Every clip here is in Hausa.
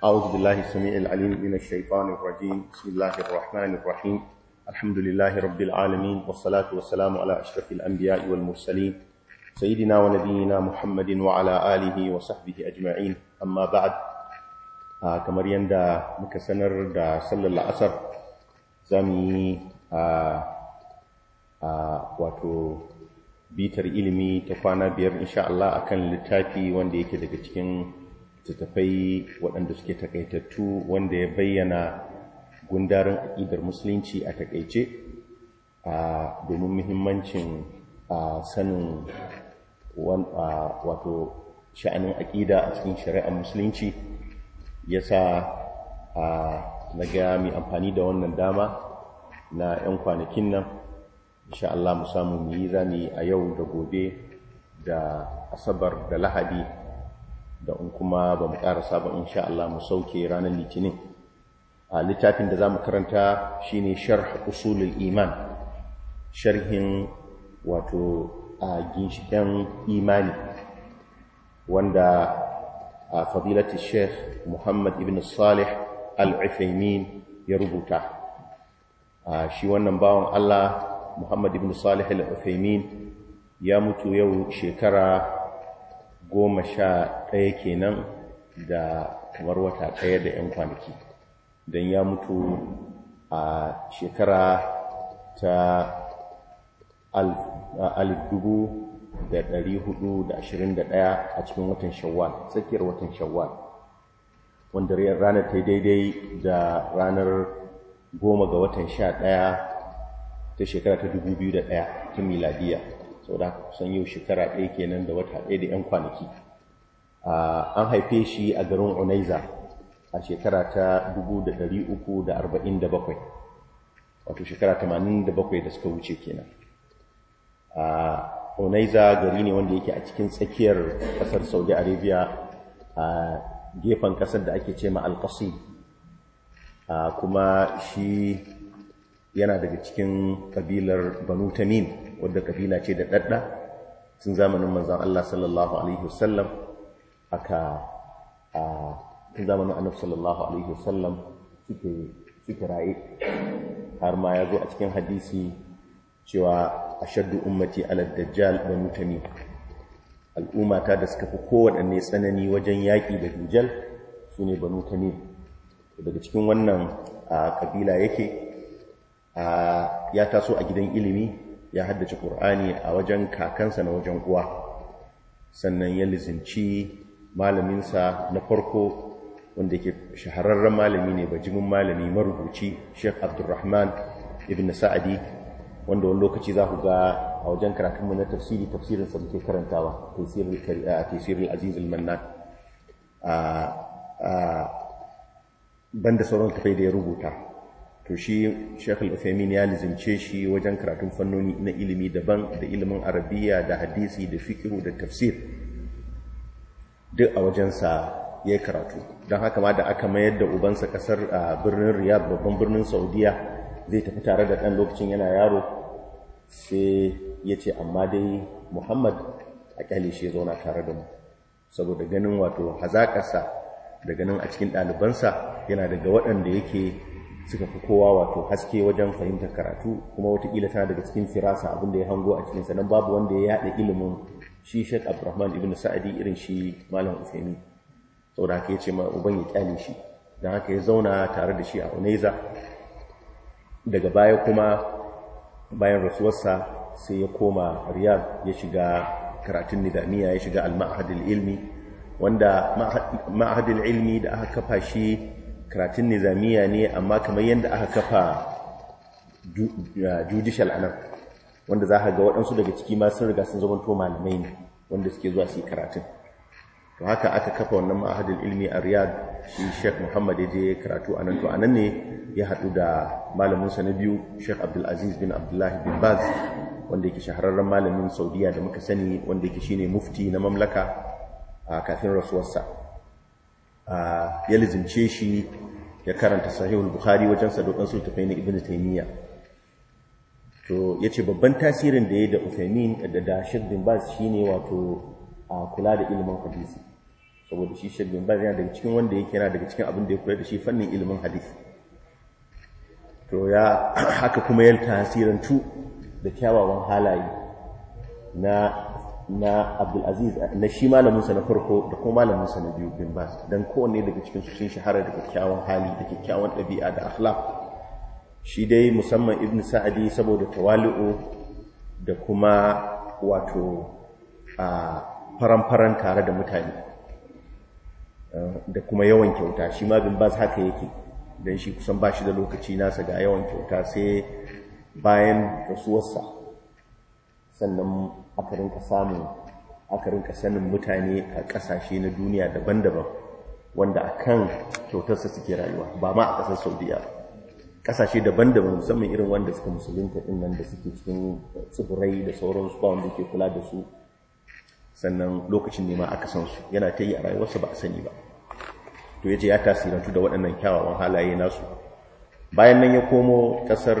أعوذ بالله السميع العليم من الشيطان الرجيم بسم الله الرحمن الرحيم الحمد لله رب العالمين والصلاة والسلام على أشرف الأنبياء والمرسلين سيدنا ونبينا محمد وعلى آله وصحبه أجمعين أما بعد kamar yadda muka sanar da sallar la'asar zami wato bitar ilimi ta kwana biyar insha Allah akan littafi wanda yake daga cikin littattafai waɗanda suke takaitattu wanda ya bayyana gundarin aƙidar musulunci a takaice a domin muhimmancin a sanin wato sha'anin aƙida a cikin shari'ar musulunci ya sa na gaya mai amfani da wannan dama na 'yan kwanakin nan insha Allah mu samu mu yi zani a yau da gobe da asabar da lahadi da in kuma ba mu ƙarasa ba sha Allah mu sauke ranar litinin a littafin da za mu karanta shine sharh usulul iman sharhin wato a ginshiƙen imani wanda a fadilati sheikh muhammad ibn salih al-ifaimin ya rubuta shi wannan bawan Allah muhammad ibn salih al-ifaimin ya mutu yau shekara goma sha ɗaya kenan da kamar wata ɗaya da 'yan kwanaki don ya mutu a shekara ta dubu da ɗari hudu da ashirin da ɗaya a cikin watan shawwal tsakiyar watan shawwal wanda ranar ta daidai da ranar goma ga watan sha ɗaya ta shekara ta dubu biyu da ɗaya ta miladiyya saboda kusan yau shekara ɗaya kenan da wata ɗaya da 'yan kwanaki an haife shi a garin unaiza a shekara ta 347 wato shekara 87 da suka wuce kenan a unaiza gari ne wanda yake a cikin tsakiyar ƙasar saudi arabia a gefen ƙasar da ake ce ma alƙasi kuma shi yana daga cikin ƙabilar banu tamim wadda kabila ce da ɗaɗɗa tun zamanin manzan Allah sallallahu alaihi wasallam aka a tun zamanin annabi sallallahu alaihi wasallam suke suke raye har ma ya zo a cikin hadisi cewa ashaddu ummati aladajjal dajjal wa mutani al'ummata da suka fi kowaɗanne tsanani wajen yaƙi da dujal su ne banu tamim daga cikin wannan kabila yake ya taso a gidan ilimi ya haddace ƙur'ani a wajen kakansa na wajen uwa sannan ya lizinci malaminsa na farko wanda ke shahararren malami ne bajimin malami marubuci sheikh abdulrahman ibn sa'adi wanda wani lokaci za ku ga a wajen karatunmu na tafsiri tafsirinsa muke karantawa tafsirin azizul al-mannan banda sauran tafai da ya rubuta to shi Sheikh al ya lizince shi wajen karatun fannoni na ilimi daban da ilimin Arabiya da hadisi da fiqh da tafsir duk a wajensa ya karatu don haka ma da aka mayar da ubansa kasar a birnin Riyadh babban birnin Saudiya zai tafi tare da ɗan lokacin yana yaro sai ya ce amma dai Muhammad a kyale shi zauna tare da mu saboda ganin wato hazaƙarsa da ganin a cikin ɗalibansa yana daga waɗanda yake suka fi kowa wato haske wajen fahimtar karatu kuma watakila tana daga cikin firasa abinda ya hango a cikinsa don babu wanda ya yaɗa ilimin shi shek abdurrahman ibn sa'adi irin shi malam usaini saboda haka ya ce ma uban ya kyale shi don haka ya zauna tare da shi a unaiza daga baya kuma bayan rasuwarsa sai ya koma riyadh ya shiga karatun nizamiya ya shiga al-ma'had ilmi wanda ma'had ilmi da aka kafa shi karatun nizamiya ne amma kamar yadda aka kafa judicial anan wanda za ka ga waɗansu daga ciki ma sun riga sun zamanto malamai ne wanda suke zuwa su yi karatun to haka aka kafa wannan ma'ahadin ilmi a riyad shi sheikh muhammad ya je karatu a nan to a ne ya haɗu da malaminsa na biyu sheikh abdulaziz bin abdullahi bin baz wanda yake shahararren malamin saudiya da muka sani wanda yake shine mufti na mamlaka a kafin rasuwarsa ya lizince shi ya karanta sahihul bukhari wajen sa dokan sultafai na ibnu taymiya to yace babban tasirin da yayi da uthaymin da da shirdin baz shine wato kula da ilimin hadisi saboda shi shirdin baz yana daga cikin wanda yake yana daga cikin abin da ya kula da shi fannin ilimin hadisi to ya haka kuma ya tasirantu da kyawawan halaye na na abdulaziz na shi malaminsa na farko da kuma malaminsa na biyu bin bas don kowanne daga cikin su sun shahara da kyakkyawan hali da kyakkyawan ɗabi'a da akhlaq shi dai musamman ibnu sa'adi saboda tawali'u da kuma wato a faran tare da mutane da kuma yawan kyauta shi ma bin bas haka yake don shi kusan ba shi da lokaci nasa ga yawan kyauta sai bayan rasuwarsa sannan aka rinka samun aka rinka sanin mutane a ƙasashe na duniya daban-daban wanda a kan kyautarsa suke rayuwa ba ma a ƙasar saudiya kasashe daban-daban musamman irin wanda suka musulunta din nan da suke cikin tsibirai da sauransu su wanda ke kula da su sannan lokacin nema aka san su yana ta yi a rayuwarsa ba a sani ba to ya ce ya tasirantu da waɗannan kyawawan halaye nasu bayan nan ya komo ƙasar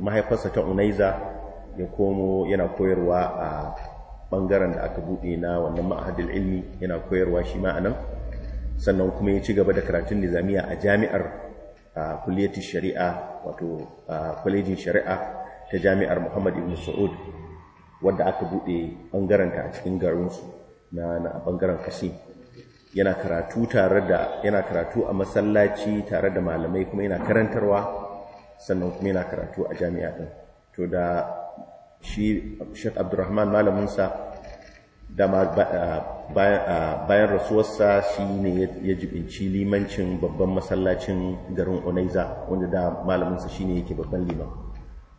mahaifarsa ta unaiza ya komo yana koyarwa a bangaren da aka bude na wannan ma'ahadul ilmi yana koyarwa shi ma anan sannan kuma ya ci gaba da karatun nizamiya a jami'ar kulliyatul shari'a wato kwalejin shari'a ta jami'ar Muhammad ibn Saud wadda aka bude bangaren a cikin garinsu na bangaren Kashi yana karatu tare da yana karatu a masallaci tare da malamai kuma yana karantarwa sannan kuma yana karatu a jami'a ɗin to da shi Sheikh Abdurrahman malaminsa bayan rasuwarsa shi ne ya jibinci limancin babban masallacin garin Unaiza wanda da malaminsa shi ne yake babban liman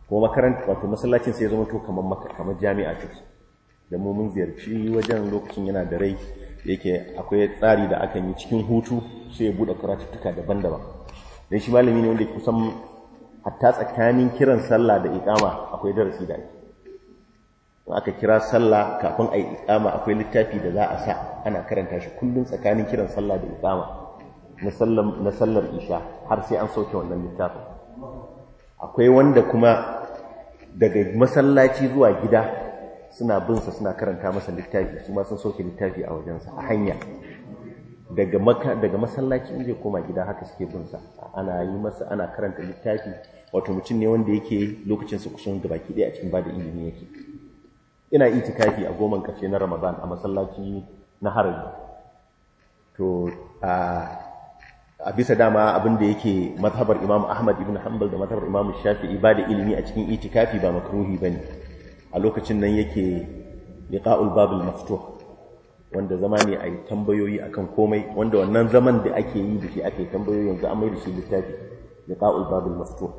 kuma makaranta wato masallacin sai ya zama to kamar jami'a ce da mu mun ziyarci wajen lokacin yana da rai yake akwai tsari da akan yi cikin hutu sai ya buɗe karatuka daban-daban don shi malami ne wanda kusan hatta tsakanin kiran sallah da iqama akwai darasi da ake aka kira sallah kafin a yi ikama akwai littafi da za a sa ana karanta shi kullum tsakanin kiran sallah da ikama na sallar isha har sai an sauke wannan littafin akwai wanda kuma daga masallaci zuwa gida suna binsa suna karanta masa littafi su ma sun sauke littafi a wajensa a hanya daga masallaci in zai koma gida haka suke binsa ana yi masa ana karanta littafi wato mutum ne wanda yake lokacin su kusan gabaki ɗaya a cikin bada ilimi yake ina itikafi a goman ƙarshe na Ramadan a masallaci na harin to a bisa dama abin da yake mazhabar Imam Ahmad ibn Hanbal da mazhabar Imam Shafi'i ba da ilimi a cikin itikafi ba makruhi bane a lokacin nan yake liqa'ul babul maftuh wanda zama ne a yi tambayoyi a kan komai wanda wannan zaman da ake yi da shi ake tambayoyi yanzu an mai da shi littafi liqa'ul babul maftuh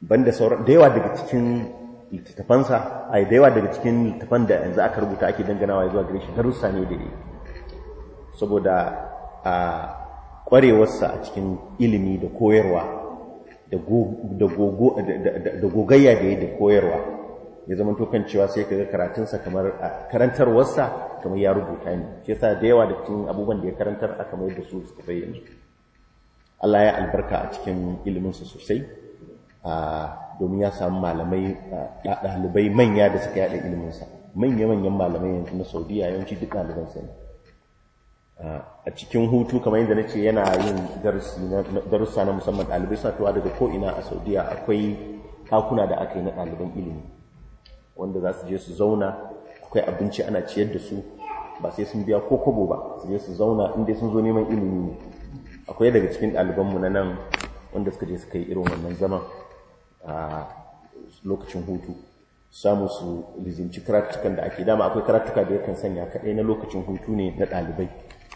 banda sauran da yawa daga cikin littattafansa a da yawa daga cikin littattafan da yanzu aka rubuta ake danganawa zuwa gare shi darussa ne da saboda a ƙwarewarsa a cikin ilimi da koyarwa da gogayya da ya da koyarwa ya zama tokan cewa sai ka ga karatunsa kamar a karantarwarsa kamar ya rubuta ne Ke sa da yawa da cikin abubuwan da ya karantar aka mai da su suka bayyana Allah ya albarka a cikin iliminsa sosai domin ya samu malamai ɗalibai manya da suka yaɗa iliminsa manya-manyan malamai yanzu na saudiya yawanci duk ɗalibansa ne a cikin hutu kamar yadda na ce yana yin darussa na musamman ɗalibai satuwa daga ko'ina a saudiya akwai ɗakuna da aka yi na ɗaliban ilimi wanda za su je su zauna akwai abinci ana ciyar da su ba sai sun biya ko kobo ba su je su zauna inda sun zo neman ilimi ne akwai daga cikin mu na nan wanda suka je suka yi irin wannan zaman a lokacin hutu samu su lizinci karatukan da ake dama akwai karatuka da yakan sanya kaɗai na lokacin hutu ne na ɗalibai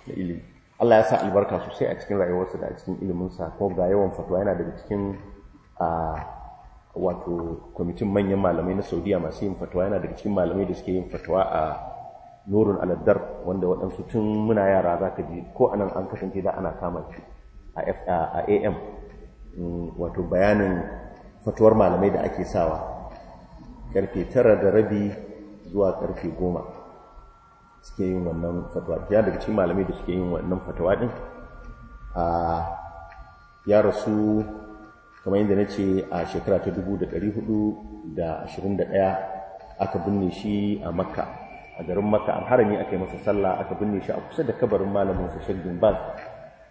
na ilimi Allah ya sa albarka sosai a cikin rayuwarsa da a cikin iliminsa ko ga yawan fatuwa yana daga cikin a wato kwamitin manyan malamai na saudiya masu yin fatuwa yana daga cikin malamai da suke yin fatuwa a nurun aladdar wanda waɗansu tun muna yara za ka ji ko anan an kasance da ana kama shi a am mm, wato bayanin fatuwar malamai da ake sawa karfe tara da rabi zuwa karfe goma suke yin wannan fatuwa ya daga cikin malamai da suke yin wannan fatuwa din a ya rasu kamar yadda na ce a shekara ta dubu da da da hudu ashirin ɗaya aka binne shi a makka a garin makka an harami aka yi masa sallah aka binne shi a kusa da kabarin malamin sa shagin bas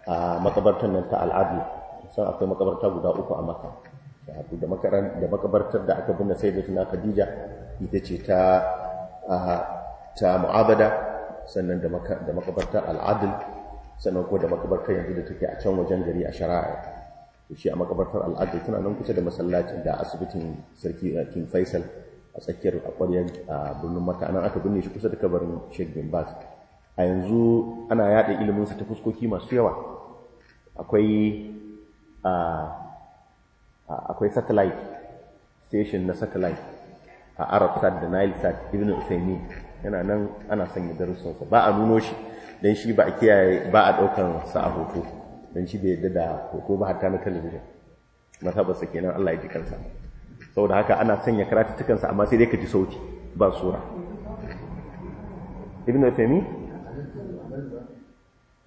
a makabartar nan ta al'adu san akwai makabarta guda uku a makka da makaran da makabartar da aka binne sayyidatuna khadija ita ce ta ta mu'abada sannan da da makabartar al'adl sannan ko da makabartar yanzu da take a can wajen gari a shara'a to shi a makabartar al'adl tana nan kusa da masallacin da asibitin sarki eh, king faisal a tsakiyar a ƙwaryar a birnin maka nan aka binne shi kusa da kabarin sheikh bin baz a yanzu ana yaɗa iliminsa ta fuskoki masu yawa akwai Ah, akwai satellite station na satellite a Arab arabsat da nilesat ibn Usaini. yana nan ana sanya darussansa ba a nuno shi don shi ba a kiyaye ba a ɗaukan sa a hoto don shi bai yadda da hoto ba harta na talabijin masabarsa kenan allah ya ji kansa saboda haka ana sanya sa amma sai dai ka ji sauti ba sura ibn Usaini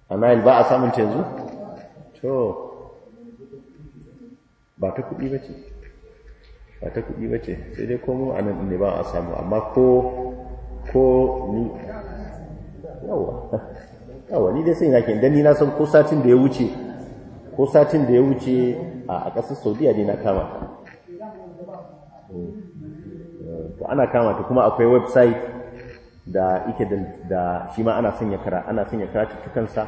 a nile ba a samun yanzu to ba ta kuɗi ba ce ba ta kuɗi ba ce sai dai komo a nan ne ba a samu amma ko ko ni yawa yawa ni dai sai na ke idan ni na san ko satin da ya wuce ko satin da ya wuce a ƙasar saudiya ne na kama ta to ana kama ta kuma akwai website da ike da shi ma ana sanya kara ana sanya karatu tukansa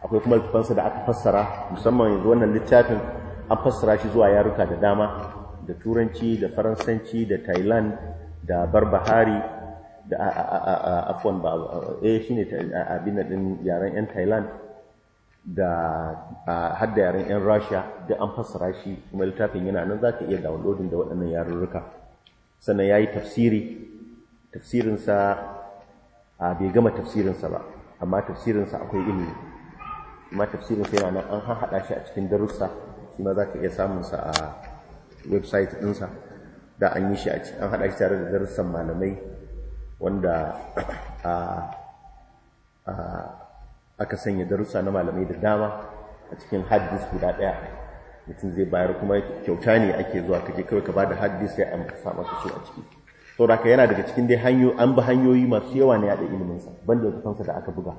akwai kuma littafansa da aka fassara musamman yanzu wannan littafin an fassara shi zuwa yaruka da dama da turanci da faransanci da thailand da barbahari da afon ba shi eh, shine abin din yaren yan thailand da hadda yaren yan Rasha. da an fassara shi kuma littafin yana nan ka iya downloading da waɗannan yarurruka sannan ya yi tafsiri tafsirinsa a bai gama tafsirinsa ba amma tafsirinsa akwai ilimi amma tafsirinsa yana nan an haɗa shi a cikin darussa shi ma za ka iya samunsa a website ɗinsa da an yi shi a an haɗa shi tare da darussan malamai wanda aka sanya darussa na malamai da dama a cikin hadis guda ɗaya mutum zai bayar kuma kyauta ne ake zuwa kaje kawai ka ba da hadis sai an sa maka su a ciki to da yana daga cikin dai hanyo an bi hanyoyi masu yawa na yaɗa iliminsa banda da da aka buga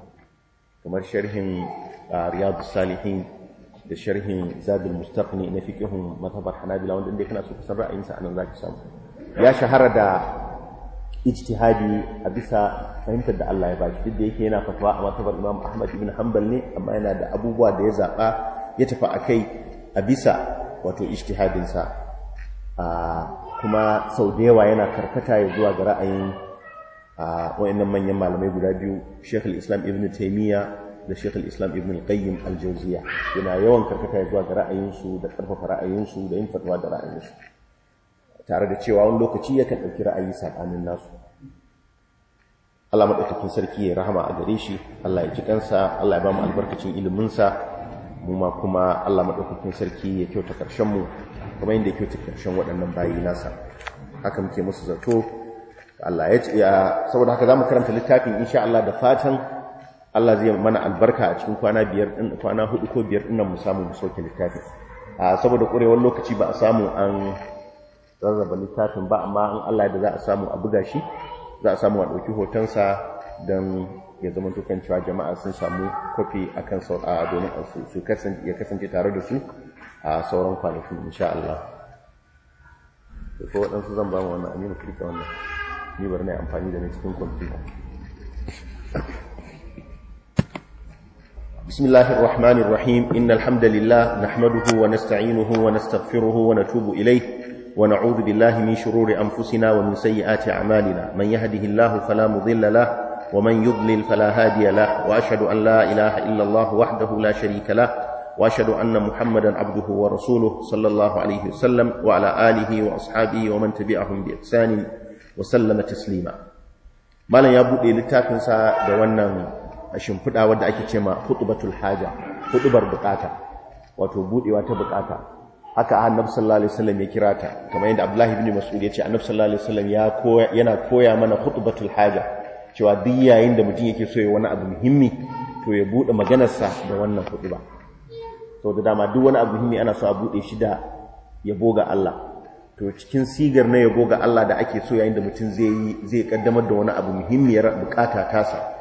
kamar sharhin riyadu salihin da sharhin zabil mustaqni na fikihun mazhabar hanabila wanda inda kana so san ra'ayinsa anan zaka samu ya shahara da ijtihadi a bisa fahimtar da Allah ya bashi duk da yake yana fatwa a mazhabar Imam Ahmad ibn Hanbal ne amma yana da abubuwa da ya zaba ya tafi akai a bisa wato ijtihadin sa kuma sau da yawa yana karkata ya zuwa ga ra'ayin wayannan manyan malamai guda biyu Sheikh al-Islam Ibn Taymiyyah da Sheikh al-Islam Ibn al-Qayyim al-Jawziyya yana yawan karkata zuwa ga ra'ayinsu da karfafa ra'ayinsu da yin fatwa da ra'ayinsu tare da cewa wani lokaci yakan ɗauki ra'ayi sabanin nasu Allah madaukakin sarki ya rahama a gare shi Allah ya ji kansa Allah ya ba mu albarkacin ilimin sa mu ma kuma Allah madaukakin sarki ya kyauta karshen mu kuma inda ya kyauta karshen waɗannan bayi nasa haka muke musu zato Allah ya saboda haka zamu karanta littafin insha Allah da fatan Allah zai mana albarka a cikin kwana biyar din kwana hudu ko biyar din nan mu samu mu soke littafin a ah, saboda kurewar lokaci ba a samu an zazzaba littafin ba amma an Allah da za a samu a buga shi za a samu a ɗauki hotonsa don ya zama tukan cewa jama'a sun samu kofi a kan a domin su ya kasance tare da su a sauran kwanaki insha Allah da ko waɗansu zan ba mu wannan aminu kirka wannan ni bari na amfani da na cikin kwamfuta بسم الله الرحمن الرحيم إن الحمد لله نحمده ونستعينه ونستغفره ونتوب إليه ونعوذ بالله من شرور أنفسنا ومن سيئات أعمالنا من يهده الله فلا مضل له ومن يضلل فلا هادي له وأشهد أن لا إله إلا الله وحده لا شريك له وأشهد أن محمدا عبده ورسوله صلى الله عليه وسلم وعلى آله وأصحابه ومن تبعهم بإحسان وسلم تسليما ما لن يبدو لتاكنسا دوانا a shimfiɗa wadda ake ce ma hutubatul haja hutubar bukata wato budewa ta bukata haka annabi sallallahu alaihi wasallam ya kira ta kamar yadda abdullahi ibn mas'ud ya ce annabi sallallahu alaihi wasallam yana koya mana hutubatul haja cewa duk yayin da mutum yake so ya wani abu muhimmi to ya bude maganarsa da wannan hutuba sau da dama duk wani abu muhimmi ana so a buɗe shi da yabo ga Allah to cikin sigar na yabo ga Allah da ake so yayin da mutum zai zai kaddamar da wani abu muhimmiyar bukata tasa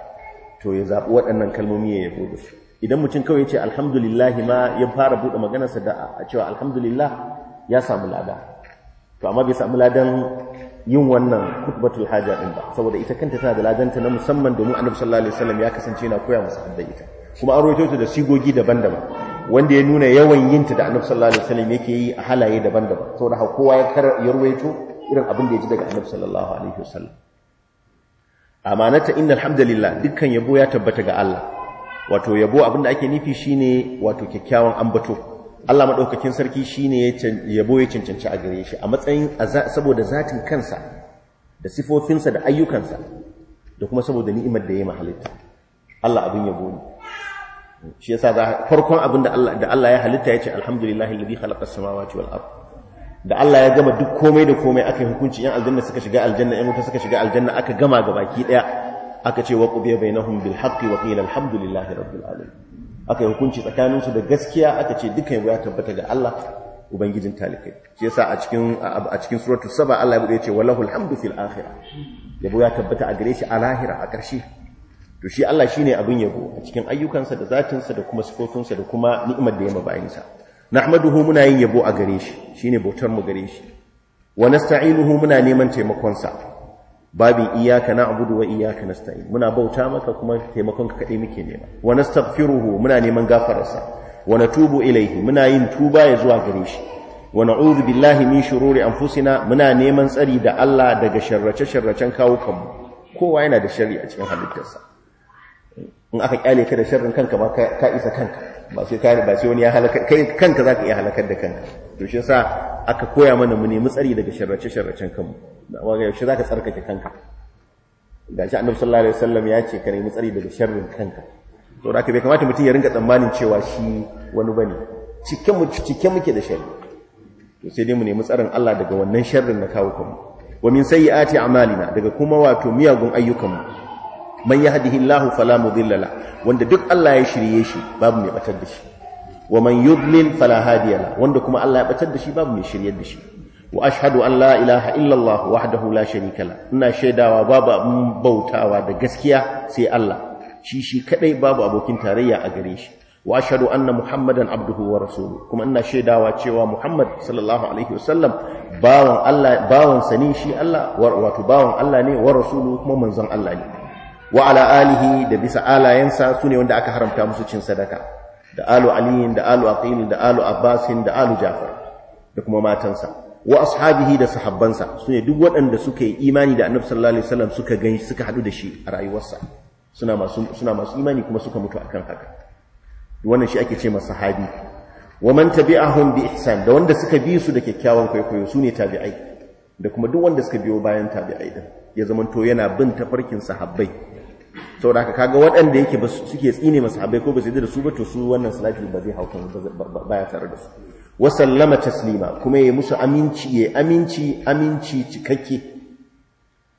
to ya zaɓi waɗannan kalmomi ya yabo da su idan mutum kawai ya ce alhamdulillah ma ya fara buɗe maganarsa da a cewa alhamdulillah ya samu lada to amma bai samu ladan yin wannan kutubatul haja din ba saboda ita kanta tana da ladanta na musamman domin annabi sallallahu alaihi wasallam ya kasance yana koya masa hadda ita kuma an rawaito ta da sigogi daban-daban wanda ya nuna yawan yinta da annabi sallallahu alaihi wasallam yake yi a halaye daban-daban saboda kowa ya rawaito irin abin da ya ji daga annabi sallallahu alaihi wasallam amanata innal hamdalillah dukkan yabo ya tabbata ga Allah wato yabo abinda ake nufi shine wato kyakkyawan ambato Allah madaukakin sarki shine yabo ya cancanci a gare shi a matsayin saboda zatin kansa da sifofinsa da ayyukansa da kuma saboda ni'imar da ya mahalitta Allah abin yabo ne shi yasa farkon abin da Allah ya halitta yace alhamdulillahi alladhi khalaqa as-samawati wal ardh da Allah ya gama duk komai da komai aka yi hukunci yan aljanna suka shiga aljanna yan wuta suka shiga aljanna aka gama gabaki daya aka ce wa qubiya bainahum bil haqqi wa qila alhamdulillahi rabbil alamin aka yi hukunci tsakanin su da gaskiya aka ce dukan ya tabbata ga Allah ubangijin talikai shi yasa a cikin a cikin suratul saba Allah ya ce walahu alhamdu fil akhirah yabo ya tabbata a gare shi a lahira a karshe to shi Allah shine abin yabo a cikin ayyukansa da zatinsa da kuma sifofinsa da kuma ni'imar da ya mabayinsa nahmaduhu muna yin yabo a gare shi ne bautar mu gare shi wa nasta'inuhu muna neman taimakonsa babin iyaka na abudu wa iyyaka nasta'in muna bauta maka kuma taimakon kaɗai muke nema wa nastaghfiruhu muna neman gafararsa. Wana wa natubu ilayhi muna yin tuba ya zuwa gare shi wa na'udhu billahi min shururi anfusina muna neman tsari da Allah daga sharrace-sharracen kawukanmu. kowa yana da a cikin halittarsa in aka kyale ka da sharrin kanka ba ka isa kanka ba sai ka ba sai wani ya halaka kai kanka zaka iya halakar da kanka to shi yasa aka koya mana mu nemi tsari daga sharrace sharracen kanmu da waga yaushe zaka tsarkake kanka da shi annabi sallallahu alaihi wasallam ya ce ka nemi tsari daga sharrin kanka to da bai kamata mutum ya ringa tsammanin cewa shi wani bane cikin mu cike muke da sharri to sai dai mu nemi tsarin Allah daga wannan sharrin na kawo kanmu wa min sayyiati a'malina daga kuma wato miyagun ayyukanmu man yahdihillahu fala mudilla la wanda duk Allah ya shirye shi babu mai batar da shi wa man yudlil fala hadiya la wanda kuma Allah ya batar da shi babu mai shiryar da shi wa ashhadu an la ilaha illa Allah wahdahu la sharika la ina shaidawa babu abun bautawa da gaskiya sai Allah shi shi kadai babu abokin tarayya a gare shi wa ashhadu anna muhammadan abduhu wa rasuluhu kuma ina shaidawa cewa muhammad sallallahu alaihi wasallam bawan Allah bawan sani shi Allah wato bawan Allah ne wa rasuluhu kuma manzon Allah ne wa ala alihi da bisa alayensa su ne wanda aka haramta musu cin sadaka da alu aliyin da alu aqilin da alu abbasin da alu jafar da kuma matansa wa ashabihi da sahabbansa su ne duk waɗanda suka yi imani da annabi sallallahu alaihi wasallam suka gani suka hadu da shi a rayuwarsa suna masu suna masu imani kuma suka mutu akan haka wannan shi ake ce masa sahabi wa man tabi'ahum bi ihsan da wanda suka bi su da kyakkyawan kwaikwayo su ne tabi'ai da kuma duk wanda suka biyo bayan tabi'ai din ya zamanto yana bin tafarkin sahabbai saboda haka kaga waɗanda yake suke tsine masu abai ko ba su yi da su ba to su wannan salati ba zai hau ba baya tare da su wa sallama taslima kuma ya musu aminci ya aminci aminci cikakke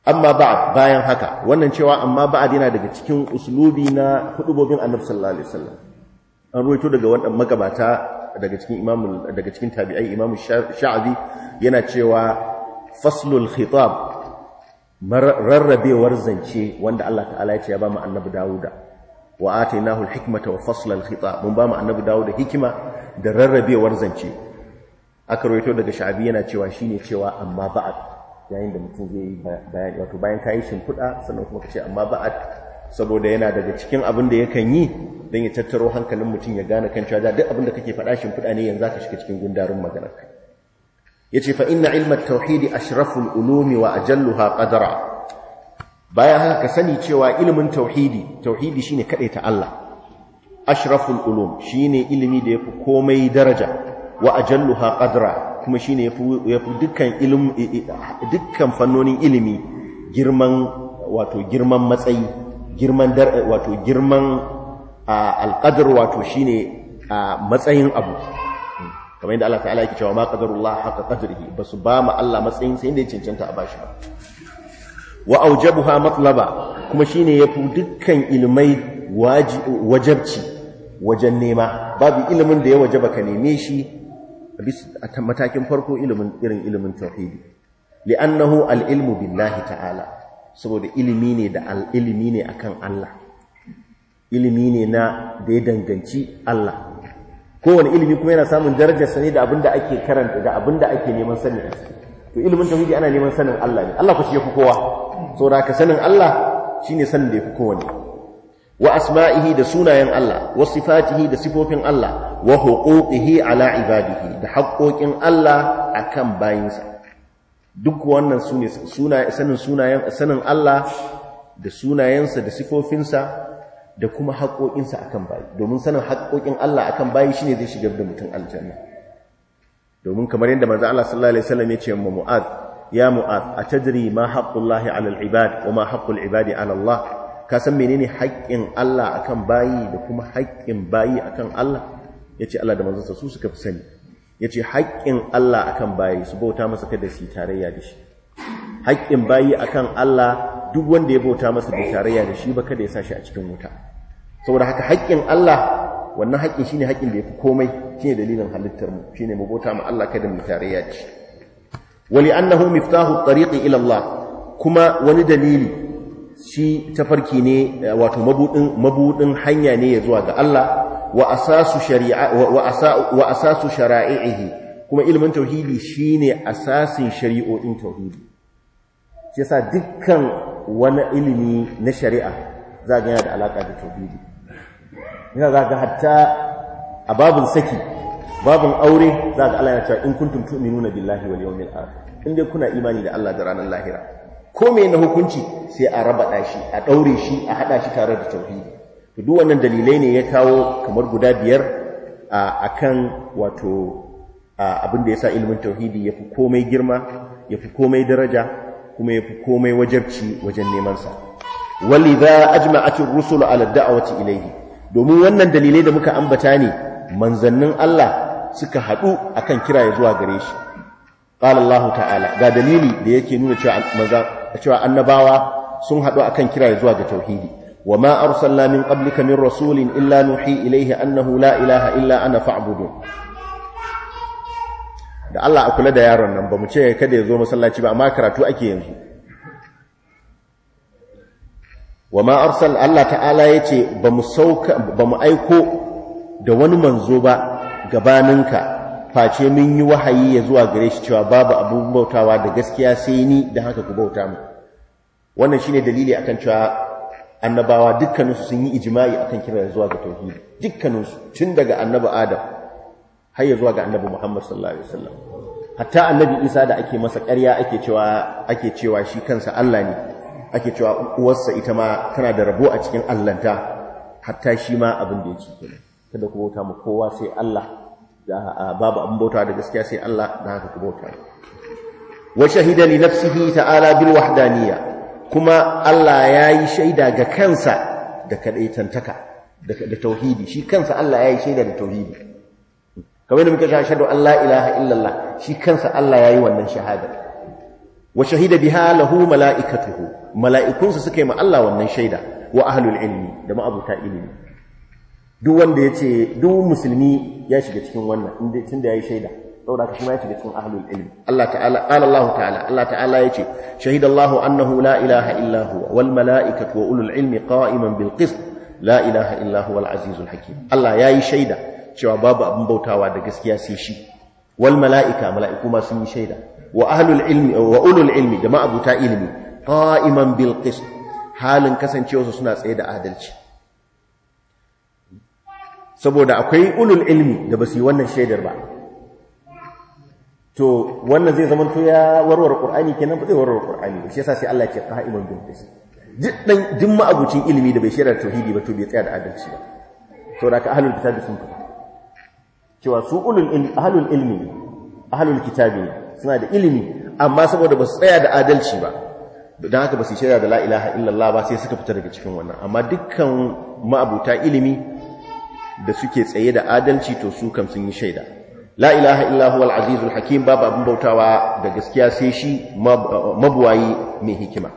amma ba bayan haka wannan cewa amma ba'ad yana daga cikin uslubi na hudubobin annabi sallallahu alaihi wasallam an ruwaito daga wannan magabata daga cikin imam daga cikin tabi'ai imam sha'abi yana cewa faslul khitab rarrabewar zance wanda Allah ta'ala ya ce ya ba mu annabi Dawuda wa atainahu alhikmata wa fasla al mun ba mu annabi Dawuda hikima da rarrabewar zance aka rawaito daga Sha'abi yana cewa shine cewa amma ba'ad yayin da mutum zai yi bayani wato bayan kai shimfiɗa sannan kuma kace amma ba'ad saboda yana daga cikin abin da yakan yi dan ya tattaro hankalin mutum ya gane kan cewa duk abin da kake faɗa shimfiɗa ne yanzu ka shiga cikin gundarin magana. ya ce fa inna ilma tauhidi ashraful ulumi wa ajalluha qadra bayan haka ka sani cewa ilimin tauhidi tauhidi shine ta Allah ashraful ulum shine ilimi da yafi komai daraja wa ajalluha qadra kuma shine yafi yafi dukkan dukkan fannonin ilimi girman wato girman matsayi girman wato girman alqadr wato shine matsayin abu kamar yadda Allah ta'ala yake cewa ma qadarullah haqa qadrihi basu ba ma Allah matsayin sai inda ya cancanta a bashi ba wa aujabuha matlaba kuma shine yafi dukkan ilmai wajabci wajen nema babu ilimin da ya wajaba ka neme shi a matakin farko ilimin irin ilimin tauhidi li'annahu al-ilmu billahi ta'ala saboda ilimi ne da al-ilimi ne akan Allah ilimi ne na da ya danganci Allah kowane ilimi kuma yana samun darajar sani da abin da ake karanta da abin da ake neman sani a ciki to ilimin tauhidi ana neman sanin Allah ne Allah ku shi yafi kowa da ka sanin Allah shine sanin da yafi kowane wa asma'ihi da sunayen Allah wa sifatihi da sifofin Allah wa huquqihi ala ibadihi da haƙoƙin Allah akan bayinsa duk wannan sune sanin sunayen sanin Allah da sunayensa da sifofinsa da kuma haƙoƙinsa akan bayi domin sanin haƙoƙin Allah akan bayi ne zai shigar da mutum aljanna domin kamar yadda manzo Allah sallallahu alaihi wasallam ya ce wa Mu'adh ya Mu'adh atadri ma haqqullahi 'alal ibad wa ma haqqul ibadi 'ala Allah ka san menene haƙƙin Allah akan bayi da kuma haƙƙin bayi akan Allah yace Allah da manzonsa su suka fi sani yace haƙƙin Allah akan bayi su bauta masa kada su tarayya da shi haƙƙin bayi akan Allah duk wanda ya bauta masa da tarayya da shi ba kada ya sa shi a cikin wuta saboda haka haƙƙin Allah wannan haƙƙin shine haƙƙin da yafi komai shine dalilin halittar mu shine mu bauta ma Allah kada mu tarayya da shi wali annahu miftahu at-tariq ila Allah kuma wani dalili shi tafarki ne wato mabudin mabudin hanya ne ya zuwa ga Allah wa asasu shari'a wa asasu shara'ihi kuma ilimin tauhidi shine asasin shari'o'in tauhidi shi yasa dukkan wani ilimi na shari'a za ga yana da alaƙa da tauhidi yana za ga hatta a babin saki babin aure za ga Allah ya cewa in kuntum tu'minuna billahi wal yawmil akhir in dai kuna imani da Allah da ranar lahira ko me na hukunci sai a raba shi a ɗaure shi a haɗa shi tare da tauhidi to duk wannan dalilai ne ya kawo kamar guda biyar akan wato abin da sa ilimin tauhidi yafi komai girma yafi komai daraja kuma ya fi komai wajabci wajen nemansa wali za rusulu aladda a da'awati ilaihi domin wannan dalilai da muka ambata ne manzannin Allah suka haɗu akan kira ya zuwa gare shi Ƙalallahu ta'ala ga dalili da yake nuna cewa annabawa sun haɗu akan kira ya zuwa ga tauhidi wa ma arsalna min qablika min rasulin illa nuhi ilaihi annahu la ilaha illa ana fa'budun da Allah a kula da yaron nan ba mu ce kada ya zo masallaci ba amma karatu ake yanzu wa ma arsal Allah ta'ala yace ba mu sauka ba mu aiko da wani manzo ba gabaninka face mun yi wahayi ya zuwa gare shi cewa babu abun bautawa da gaskiya sai ni da haka ku bauta mu wannan shine dalili akan cewa annabawa dukkaninsu sun yi ijma'i akan kira zuwa ga tauhidi dukkaninsu tun daga annabi Adam har ya zuwa ga annabi Muhammad sallallahu alaihi wasallam hatta annabi Isa da ake masa ƙarya ake cewa ake cewa shi kansa Allah ne ake cewa uwarsa ita ma tana da rabo a cikin Allahnta hatta shi ma abin da yake kenan kada ku bauta mu kowa sai Allah da babu abin bauta da gaskiya sai Allah da haka ku bauta wa shahida li nafsihi ta'ala bil wahdaniyya kuma Allah ya yi shaida ga kansa da kadaitantaka da tauhidi shi kansa Allah yi shaida da tauhidi kamar da muka shahadu Allah ilaha illallah shi kansa Allah ya yi wannan shahada wa shahida biha lahu mala'ikatuhu mala'ikunsa suka yi ma Allah wannan shaida wa ahlul ilmi da ma'abuta ilimi duk wanda ya ce duk musulmi ya shiga cikin wannan inda ya yayi shaida saboda kuma ya shiga cikin ahlul ilm Allah ta'ala qala ta'ala Allah ta'ala yace shahida Allah annahu la ilaha illahu huwa wal malaikatu wa ulul ilmi qa'iman bil qist la ilaha illahu huwa al azizul hakim Allah ya yi shaida cewa babu abin bautawa da gaskiya sai shi wal mala'ika mala'iku ma sun yi shaida wa ahlul ilmi wa ulul ilmi da ma'abuta ilmi qa'iman bil qist halin kasancewarsa suna tsaye da adalci saboda akwai ulul ilmi da basu yi wannan shaidar ba to wannan zai zama to ya warware qur'ani kenan ba zai warware qur'ani shi yasa sai Allah ya ce qa'iman bil qist duk dan duk ma'abucin ilimi da bai shaidar tauhidi ba to bai tsaya da adalci ba saboda ka ahlul kitab sun fi cewa su ahlul ilmi ahlul kitabi suna da ilimi amma saboda ba su tsaya da adalci ba don haka ba su shaida da la'ilaha illallah ba sai suka fita daga cikin wannan amma dukkan ma'abuta ilimi da suke tsaye da adalci to su kam sun yi shaida la la'ilaha illahu azizul hakim babu abin bautawa da gaskiya sai shi mabuwayi mai hikima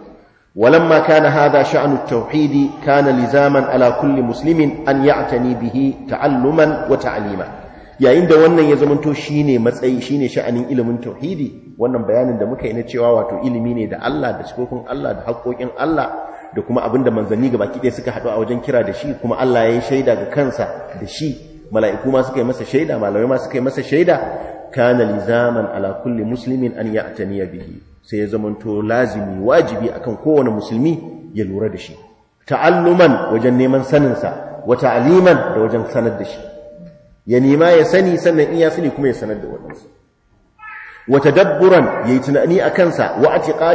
walamma kana hada sha'anu tauhidi kana lizaman ala kulli muslimin an ya'tani bihi ta'alluman wa yayin da wannan ya zamanto ne matsayi shi ne sha'anin ilimin tauhidi wannan bayanin da muka yi na cewa wato ilimi ne da Allah da cikokin Allah da haƙoƙin Allah da kuma abin da manzanni baki ɗaya suka haɗu a wajen kira da shi kuma Allah ya yi shaida ga kansa da shi mala'iku ma suka yi masa shaida malamai ma suka yi masa shaida kana lizaman ala kulli muslimin an ya'taniya bihi sai ya zamanto lazimi wajibi akan kowane musulmi ya lura da shi ta'alluman wajen neman saninsa wata aliman da wajen sanar da shi ya nema ya sani sannan in ya sani kuma ya sanar da waɗansu wata dabburan ya yi tunani a kansa wa a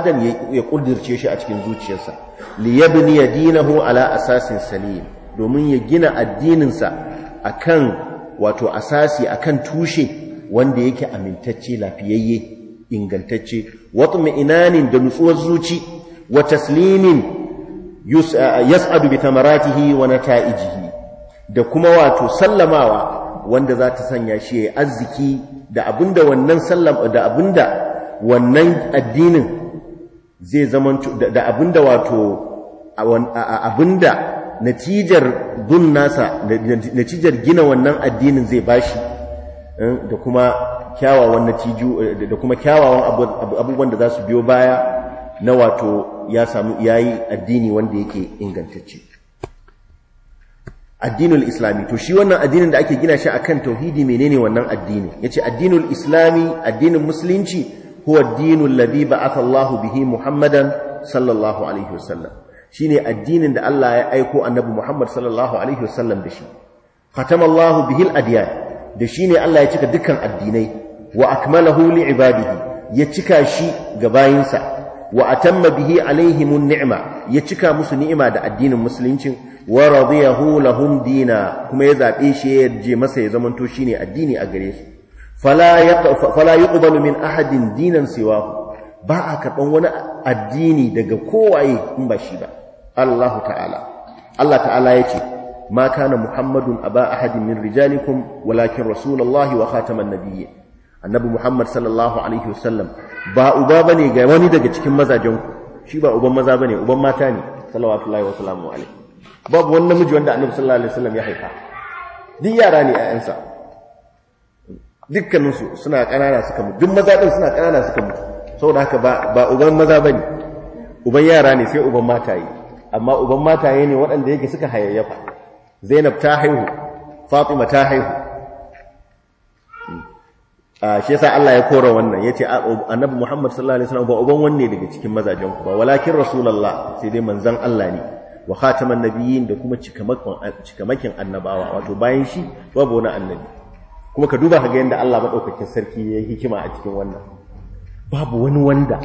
ya ƙudirce shi a cikin zuciyarsa liyabni ya dinahu ala asasin salim domin ya gina addininsa a kan wato asasi a kan tushe wanda yake amintacce lafiyayye ingantacce wata inanin da nutsuwar zuci wa taslimin yas'adu bi tamaratihi wa nata'ijihi da kuma wato sallamawa wanda za ta sanya shi ya yi arziki da abinda wannan sallam da abinda wannan addinin zai zama da abinda wato abinda natijar gun nasa natijar gina wannan addinin zai bashi eh, da kuma kyawawan natiju eh, da kuma kyawawan abubuwan da za su biyo baya na wato ya samu yayi addini wanda yake ingantacce addinul islami to shi wannan addinin da ake gina shi a akan tauhidi menene wannan addini yace addinul islami addinin musulunci huwa addinul ladhi ba'atha Allah bihi Muhammadan sallallahu alaihi wasallam shine addinin da Allah ya aiko annabi Muhammad sallallahu alaihi wasallam da shi khatama Allah bihi al-adyan da shine Allah ya cika dukkan addinai wa akmalahu li ibadihi ya cika shi ga bayinsa wa atamma bihi alaihimun ni'ima ya cika musu ni'ima da addinin musulunci wa radiyahu lahum dina kuma ya zabe shi ya je masa ya zamanto shine addini a gare su fala fala yuqbalu min ahadin dinan siwahu ba a karban wani addini daga kowaye in ba shi ba Allah ta'ala Allah ta'ala yace ma kana muhammadun aba ahadin min rijalikum walakin rasulullahi wa khataman nabiyyin annabi Muhammad sallallahu alaihi wasallam ba uba bane ga wani daga cikin mazajen ku shi ba uban maza bane uban mata ne sallallahu alaihi wasallam babu wani namiji wanda annabi sallallahu alaihi wasallam ya haifa duk yara ne a 'yansa. su suna ƙanana suka mutu duk maza din suna ƙanana suka mutu saboda haka ba ba uban maza bane uban yara ne sai uban mata yi. amma uban mataye ne waɗanda yake suka hayayyafa Zainab ta haihu Fatima ta haihu shi yasa Allah ya kora wannan yace annabi Muhammad sallallahu alaihi wasallam ba uban wanne daga cikin mazajen ku ba walakin rasulullah sai dai manzon Allah ne wa khataman nabiyyin da kuma cikamakin annabawa wato bayan shi babu wani annabi kuma ka duba kaga yanda Allah madaukakin sarki ya hikima a cikin wannan babu wani wanda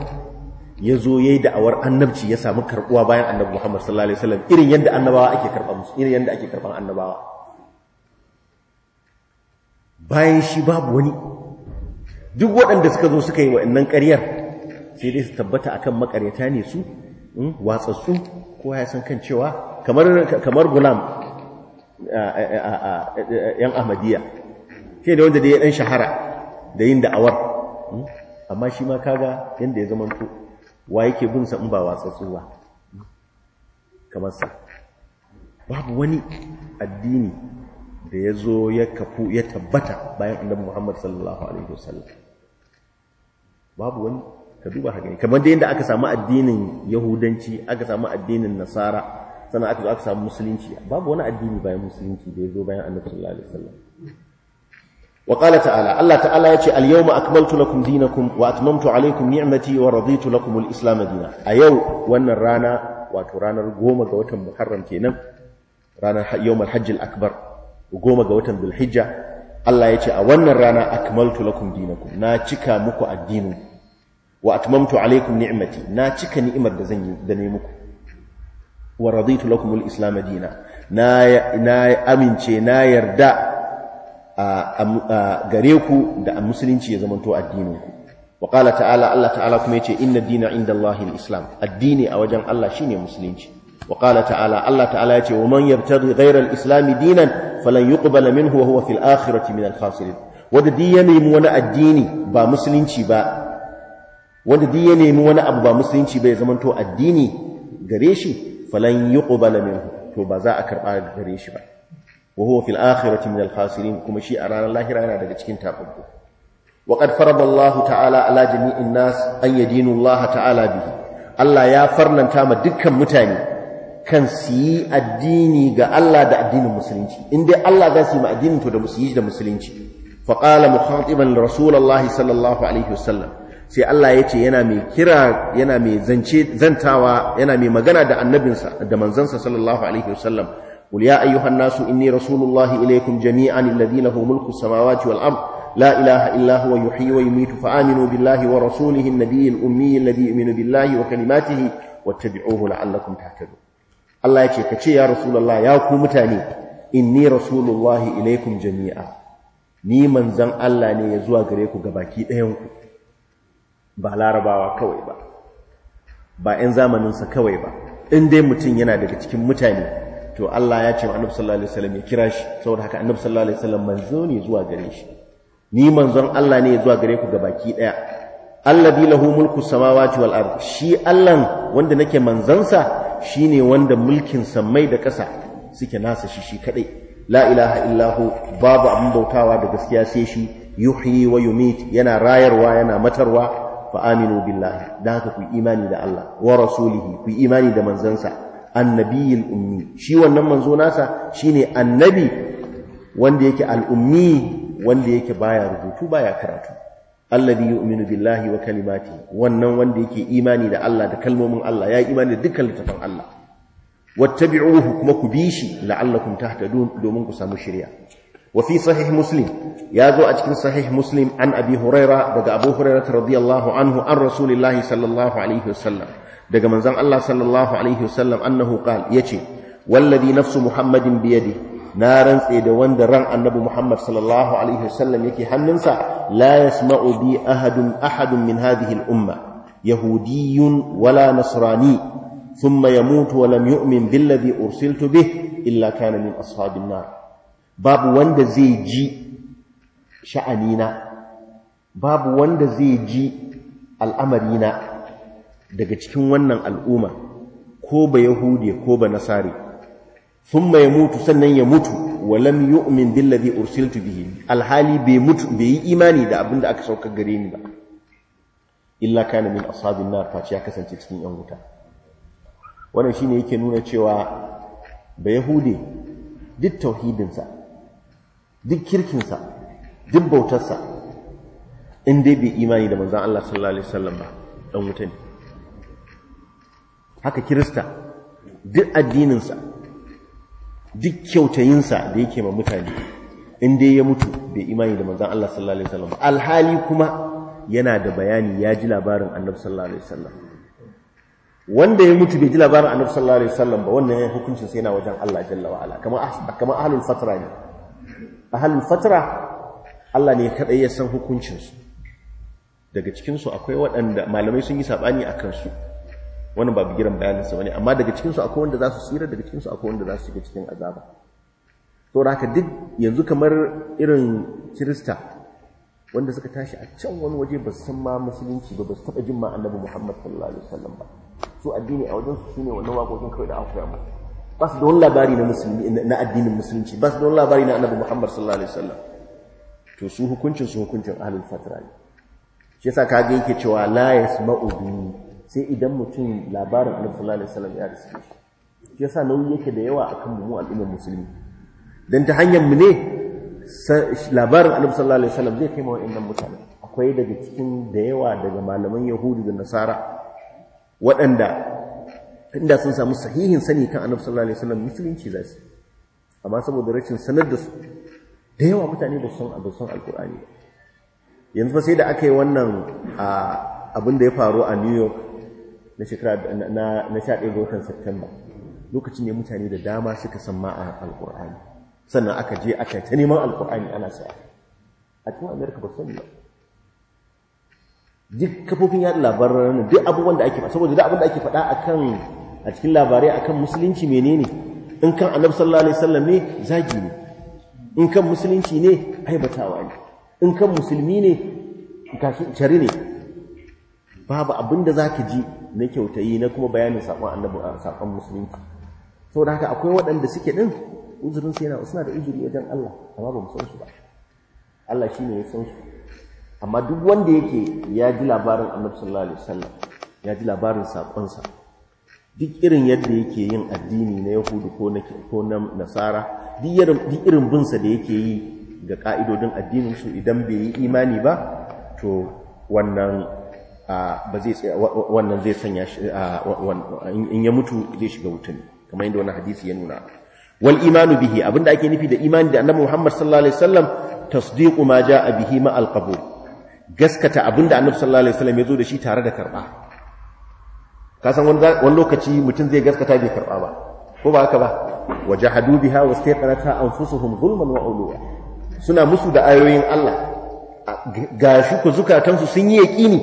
ya zo ya yi da'awar annabci ya samu karbuwa bayan annabi Muhammad sallallahu alaihi wasallam irin yadda annabawa ake karɓa musu irin yadda ake karɓar annabawa bayan shi babu wani duk waɗanda suka zo suka yi wa'annan ƙaryar sai dai su tabbata akan makaryata ne su hmm, watsatsu ko ya san kan cewa kamar gulam yan ahmadiyya sai da wanda da ya ɗan shahara da yin da'awar hmm, amma shi ma kaga yadda ya zamanto wa yake bin sa in ba watsatsu ba hmm, kamar sa babu wani addini da ya zo ya kafu ya tabbata bayan annabi Muhammad sallallahu alaihi wasallam babu wani ka duba haka kamar da yadda aka samu addinin yahudanci aka samu addinin nasara sannan aka zo aka samu musulunci babu wani addini bayan musulunci da ya zo bayan annabi sallallahu alaihi wasallam wa qala ta'ala Allah ta'ala yace al yawma akmaltu lakum dinakum wa atmamtu alaykum ni'mati wa raditu lakum al islam dinan a yau wannan rana wato ranar goma ga watan muharram kenan ranar yawm al hajj al akbar goma ga watan dhul hijja Allah yace a wannan rana akmaltu lakum dinakum na cika muku addinin wa atmamtu alaikum ni'mati na cika ni'imar da zan yi da ne muku wa raditu lakum al-islam na na amince na yarda a gare ku da musulunci ya zamanto addinin ku wa qala ta'ala Allah ta'ala kuma yace inna dina inda Allah islam addini a wajen Allah shine musulunci wa qala ta'ala Allah ta'ala yace wa man yabtaghi ghayra al-islam dinan falan yuqbala minhu wa huwa fil akhirati min al-khasirin wanda di ya nemi wani addini ba musulunci ba wanda duk ya nemi wani abu ba musulunci bai zama to addini gare shi falan yuqbala minhu to ba za a karba gare shi ba wa huwa fil akhirati min al khasirin kuma shi a ranar lahira yana daga cikin tababbu wa qad farada Allah ta'ala ala jami'in nas an yadinu Allah ta'ala bihi Allah ya farnanta ma dukkan mutane kan su yi addini ga Allah da addinin musulunci in dai Allah za su yi ma addinin to da musulunci da musulunci fa qala mukhatiban rasulullahi sallallahu alaihi wasallam sai Allah ya ce yana mai kira yana mai zantawa yana mai magana da annabinsa da manzansa sallallahu alaihi wasallam qul ya ayyuhan nasu inni rasulullahi ilaikum jami'an alladhi lahu mulku samawati wal ard la ilaha illa huwa yuhyi wa yumiitu fa aminu billahi wa rasulihi an-nabiyil ummi alladhi yu'minu billahi wa kalimatihi wattabi'uhu la'allakum tahtadun Allah ya ce ka ce ya rasulullahi ya ku mutane inni rasulullahi ilaikum jami'a ni manzan Allah ne ya zuwa gare ku gabaki ɗayan ku ba larabawa kawai ba ba 'yan zamaninsa kawai ba in dai mutum yana daga cikin mutane to Allah ya ce wa annabi sallallahu alaihi wasallam ya kira shi saboda haka annabi sallallahu alaihi wasallam manzo ne zuwa gare shi ni manzon Allah ne zuwa gare ku ga gabaki daya alladhi lahu mulku samawati wal ard shi Allah wanda nake manzansa shine wanda mulkin samai da ƙasa suke nasa shi shi kadai la ilaha illahu babu abin bautawa da gaskiya sai shi yuhyi wa yumit yana rayarwa yana matarwa fa'aminu billahi da haka ku imani da Allah wa rasulihi ku imani da manzansa annabiyin ummi shi wannan manzo nasa shine annabi wanda yake al'ummi wanda yake baya rubutu baya karatu alladhi yu'minu billahi wa kalimati wannan wanda yake imani da Allah da kalmomin Allah ya imani da dukkan littafin Allah wattabi'uhu kuma ku bi shi la'allakum tahtadun domin ku samu shari'a وفي صحيح مسلم يا ذو أجكن صحيح مسلم عن أبي هريرة دقى أبو هريرة رضي الله عنه عن رسول الله صلى الله عليه وسلم دقى من زن الله صلى الله عليه وسلم أنه قال يتي والذي نفس محمد بيده نارا سيد وند رن النبي محمد صلى الله عليه وسلم يكي حننسى لا يسمع بي أحد أحد من هذه الأمة يهودي ولا نصراني ثم يموت ولم يؤمن بالذي أرسلت به إلا كان من أصحاب النار babu wanda zai ji sha'anina babu wanda zai ji al'amarina daga cikin wannan al'umma ko ba yahudiya ko ba nasari ya mutu sannan ya mutu walam yu'min billadhi ursiltu bihi alhali bai mutu bai yi imani da abinda aka sauka gare ni ba illa kana min ashabin nar fa ya kasance cikin yan wuta wannan shine yake nuna cewa ba yahude duk tauhidinsa duk kirkinsa duk bautarsa in dai bai imani da manzan Allah sallallahu alaihi wasallam ba ɗan wuta ne haka kirista duk addininsa duk kyautayinsa da yake ma mutane in dai ya mutu bai imani da manzan Allah sallallahu alaihi wasallam ba alhali kuma yana da bayani ya ji labarin annabi sallallahu alaihi wasallam wanda ya mutu bai ji labarin annabi sallallahu alaihi wasallam ba wannan hukuncin sai yana wajen Allah jalla wa'ala. ala kamar kamar ahlul fatra ne halin fatara Allah ne kadai ya san hukuncinsu daga cikinsu akwai waɗanda malamai sun yi saɓani a kansu wani ba bigiran bayaninsa wani amma daga cikinsu akwai wanda za su tsira daga cikinsu akwai wanda za su shiga cikin azaba to da haka duk yanzu kamar irin kirista wanda suka tashi a can wani waje ba su san ma musulunci ba ba su taɓa jin ma annabi muhammad sallallahu alaihi wasallam ba su addini a wajen su shine wannan waƙoƙin kawai da aka koya ba su da wani labari na musulmi na addinin musulunci ba su da wani labari na annabi muhammad sallallahu alaihi wasallam to su hukuncin su hukuncin ahlul fatra ne shi yasa kage yake cewa la yasma'u bi sai idan mutum labarin annabi sallallahu alaihi wasallam ya rasu. shi yasa nauyi yake da yawa akan mu al'ummar musulmi dan ta hanyar mu ne labarin annabi sallallahu alaihi wasallam zai kai ma wa'annan mutane akwai daga cikin da yawa daga malaman yahudu da nasara waɗanda inda sun samu sahihin sani kan annabi sallallahu alaihi wasallam musulunci za su amma saboda rashin sanar da su da yawa mutane ba su san abu san alkur'ani ba yanzu ba sai da aka yi wannan abin da ya faru a New York na shekara na na sha ga watan September lokacin ne mutane da dama suka san ma alqur'ani sannan aka je aka ta neman alqur'ani ana sa a cikin America ba sani ba duk kafofin yaɗa labaran duk abubuwan da ake faɗa saboda duk abin da ake faɗa akan a cikin labarai akan musulunci menene in kan annabi sallallahu alaihi wasallam ne zagi ne in kan musulunci ne aibatawa ne in kan musulmi ne cari ne babu abin da zaka ji na kyautayi na kuma bayanin sakon annabi sakon musulunci saboda haka akwai waɗanda suke din uzurin su yana suna da uzuri wajen Allah amma ba mu san su ba Allah shine ya san su amma duk wanda yake ya ji labarin annabi sallallahu alaihi wasallam ya ji labarin sakonsa duk irin yadda yake yin addini na yahudu ko na nasara duk irin binsa da yake yi ga ƙa'idodin addininsu idan bai yi imani ba to wannan ba zai wannan zai sanya in ya mutu zai shiga wutan kamar yadda wani hadisi ya nuna wal imanu bihi abinda ake nufi da imani da annabi Muhammad sallallahu alaihi wasallam tasdiqu ma jaa bihi ma al qabu gaskata abinda annabi sallallahu alaihi wasallam ya zo da shi tare da karba ka san wani lokaci mutum zai gaskata bai karba ba ko ba haka ba wajahadu biha wastaqanata anfusuhum zulman wa uluwa suna musu da ayoyin Allah shi ku zukatansu sun yi yaqini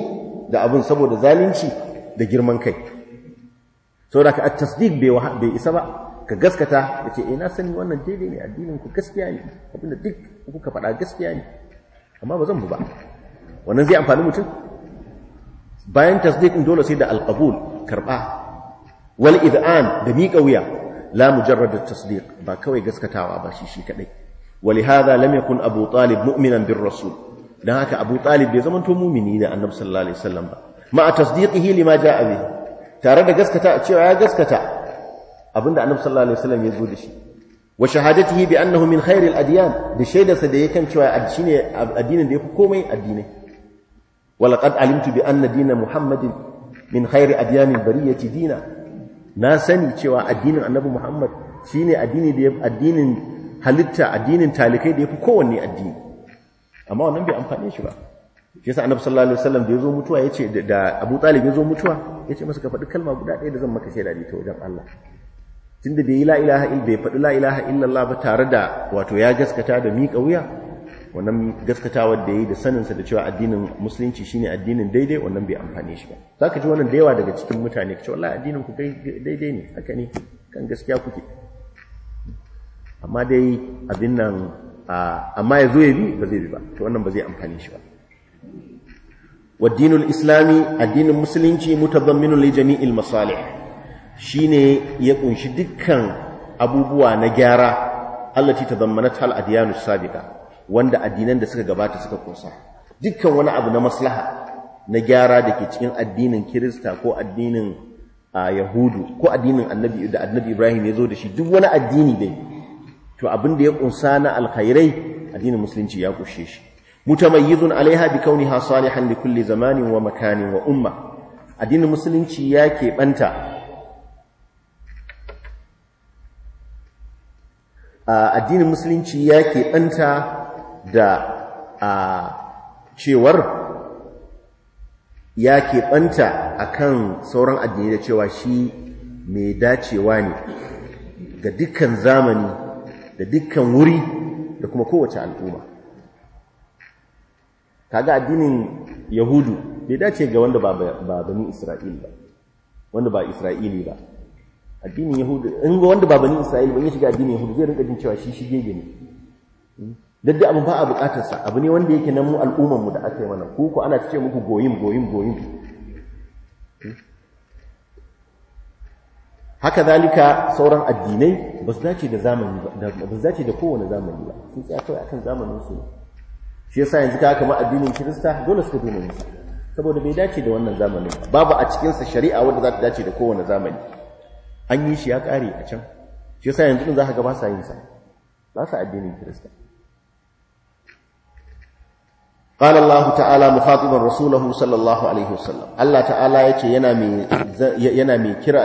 da abin saboda zalunci da girman kai saboda ka a tasdiq bai bai isa ba ka gaskata yace eh na sani wannan daidai ne addinin ku gaskiya ne da duk kuka faɗa gaskiya ne amma ba zan bu ba wannan zai amfani mutum bayan tasdiqin dole sai da al karɓa wal id'an da miƙa wuya la mujarrad tasdiq ba kawai gaskatawa ba shi shi kadai ولهذا لم يكن أبو طالب haka Abu لهك bai طالب يزمن mumini da ده النبي صلى الله عليه وسلم مع تصديقه لما جاء به ترى ده غسكتا cewa ya gaskata abinda annabi sallallahu alaihi wasallam ya zo da shi wa shahadatihi bi annahu min khairil adyan da shaidarsa da yakan cewa addini ne addinin da fi komai addinai wa alimtu bi anna dina muhammadin min khairi adyanin bariyati dina na sani cewa addinin annabi Muhammad shine addini da addinin halitta addinin talikai da yafi kowanne addini amma wannan bai amfane shi ba shi yasa annabi sallallahu alaihi wasallam da yazo mutuwa yace da Abu Talib yazo mutuwa yace masa ka faɗi kalma guda ɗaya da zan maka shaida da ita wajen Allah tunda bai la ilaha illa bai faɗi la ilaha illallah ba tare da wato ya gaskata da miƙa wuya wannan gaskatawa da yi da saninsa da cewa addinin musulunci shine addinin daidai wannan bai amfane shi ba za ka ji wannan da yawa daga cikin mutane ka ce wallahi addinin ku daidai ne haka ne kan gaskiya kuke amma dai abin nan amma ya zo ya bi ba zai bi ba to wannan ba zai amfane shi ba wa dinul islami addinin musulunci mutadamminun li jami'il masalih shine ya kunshi dukkan abubuwa na gyara allati tadammanat al adyanus sabiqah wanda addinan da suka gabata suka kunsa dukkan wani abu na maslaha na gyara da ke cikin addinin Kirista ko addinin Yahudu ko addinin Annabi da Annabi Ibrahim ya zo da shi duk wani addini dai to abin da ya kunsa na alkhairai addinin musulunci ya kushe shi mutamayyizun alaiha bi kauniha salihan li kulli zamanin wa makanin wa umma addinin musulunci ya banta addinin musulunci ya keɓanta da a cewar ya keɓanta a kan sauran addini da cewa shi mai dacewa ne ga dukkan zamani da dukkan wuri da kuma kowace al'umma kaga addinin yahudu bai dace ga wanda ba bani isra'il ba wanda ba isra'ili ba addinin yahudu in wanda ba bani isra'il ba ya shiga addinin yahudu zai rinka jin cewa shi shige ne duk da abin ba a bukatarsa abu ne wanda yake nan mu al'umman mu da aka yi mana ku ku ana ce muku goyim goyim goyim haka zalika sauran addinai ba su dace da zamani ba ba su dace da kowane zamani ba sun tsaya kawai akan zamanin su shi yasa yanzu ka kama addinin kirista dole su dole ne saboda bai dace da wannan zamanin babu a cikin sa shari'a wanda za ta dace da kowane zamani an yi shi ya kare a can shi yasa yanzu din za ka ga ba sa yin sa ba sa addinin kirista قال الله تعالى مخاطبا رسوله صلى الله عليه وسلم الله تعالى yake yana mai yana mai kira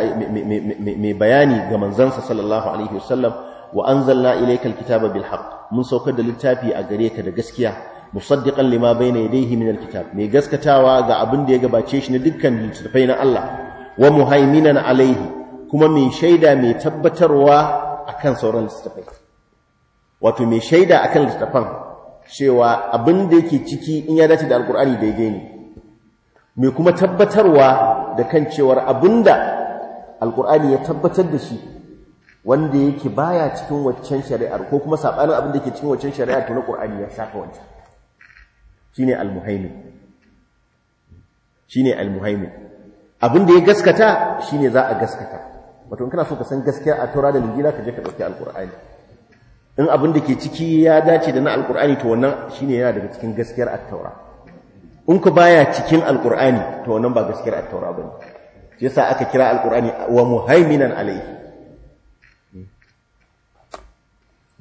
mai bayani ga manzansa sallallahu alaihi wasallam wa anzalna ilayka alkitaba bilhaq mun saukar da littafi a gare ka da gaskiya musaddiqan lima bayna yadayhi min alkitab mai gaskatawa ga abin da ya gabace shi na dukkan littafai na Allah wa muhaiminan alaihi kuma mai shaida mai tabbatarwa akan sauran littafai wato mai shaida akan littafan cewa abin da yake ciki in ya dace da alkur'ani daidai ne mai kuma tabbatarwa da kan cewar abin da alkur'ani ya tabbatar da shi wanda yake baya cikin waccan shari'ar ko kuma saɓanin abin da ke cikin waccan shari'ar to na ƙur'ani ya shafa wancan Shi shine almuhaimin ne almuhaimin abin da ya gaskata shi ne za a gaskata wato in kana so ka san gaskiya a taura da lingila ka je ka ɗauki alkur'ani in abin da ke ciki ya dace da na alkur'ani to wannan shine yana daga cikin gaskiyar attaura in ku baya cikin alkur'ani to wannan ba gaskiyar attaura bane shi yasa aka kira alkur'ani wa muhaiminan alayhi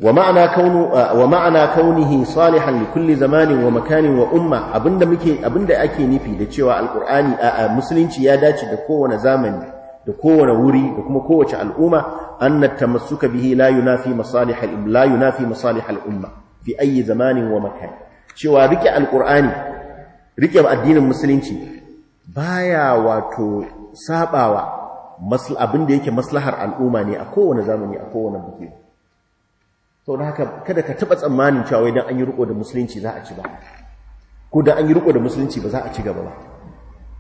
wa ma'ana kaunu wa ma'ana kaunihi salihan li kulli zamanin wa makanin wa umma abinda muke abinda ake nufi da cewa alkur'ani a musulunci ya dace da kowane zamani da kowane wuri da kuma kowace al'umma أن التمسك به لا ينافي مصالح لا ينافي مصالح الأمة في أي زمان ومكان شو ركع القرآن ركع الدين المسلمين بايا واتو سابا وا مسل أبن yake maslahar al'umma ne a kowane zamani a kowane buke sau da haka kada ka taɓa tsammanin cewa idan an yi riko da musulunci za a ci ba ko dan an yi riko da musulunci ba za a ci gaba ba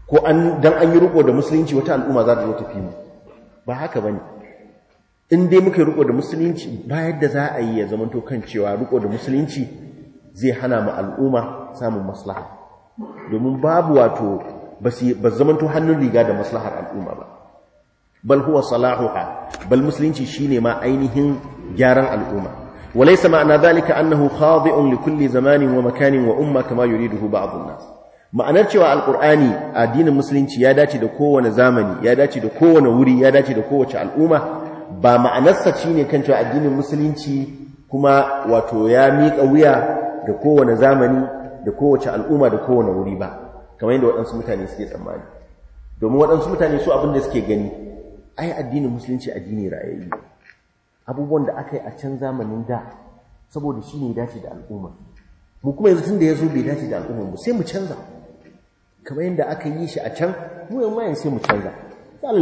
ko dan an yi riko da musulunci wata al'umma za ta zo ta fi mu ba haka bane in dai muka riko da musulunci bayar da za a yi ya zamanto kan cewa riko da musulunci zai hana mu al'umma samun maslaha domin babu wato ba zamanto hannun riga da maslahar al'umma ba bal huwa salahuha bal musulunci shine ma ainihin gyaran al'umma walaysa ma'ana zalika annahu khadi'un li kulli zamanin wa makanin wa umma kama yuriduhu ba'd an-nas ma'anar cewa alqur'ani addinin musulunci ya dace da kowane zamani ya dace da kowane wuri ya dace da kowace al'umma ba ma'anarsa ne kan cewa addinin musulunci kuma wato ya miƙa wuya da kowane zamani da kowace al'umma da kowane wuri ba kamar yadda waɗansu mutane suke tsammani domin waɗansu mutane su abin da suke gani ai addinin musulunci addini ra'ayi abubuwan da aka yi a can zamanin da saboda shi ne ya dace da al'umma mu kuma yanzu tun da ya zo bai dace da al'umma mu sai mu canza kamar yadda aka yi shi a can mu yan mayan sai mu canza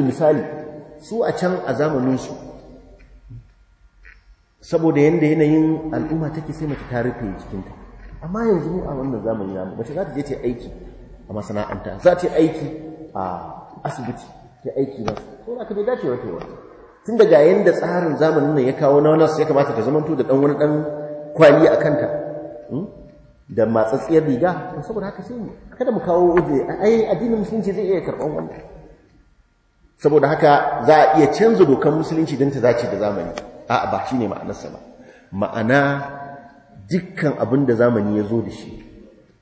misali su a can a zamaninsu saboda yadda yanayin al'umma take sai mace ta rufe jikinta amma yanzu ne a wannan zamani namu mace za ta je ta aiki a masana'anta za ta aiki a asibiti ta aiki ba ko za ka bai dace wata wata tun ga yadda tsarin zamanin nan ya kawo na wani ya kamata ta zamanto da dan wani dan kwali a kanta hmm, da matsatsiyar riga saboda haka sai mu kada mu kawo waje ai addinin musulunci zai iya karban wannan saboda haka za a iya canza dokar musulunci don ta dace da zamani a ba shi ne ma'anarsa ba ma'ana dukkan abin da zamani ya zo da shi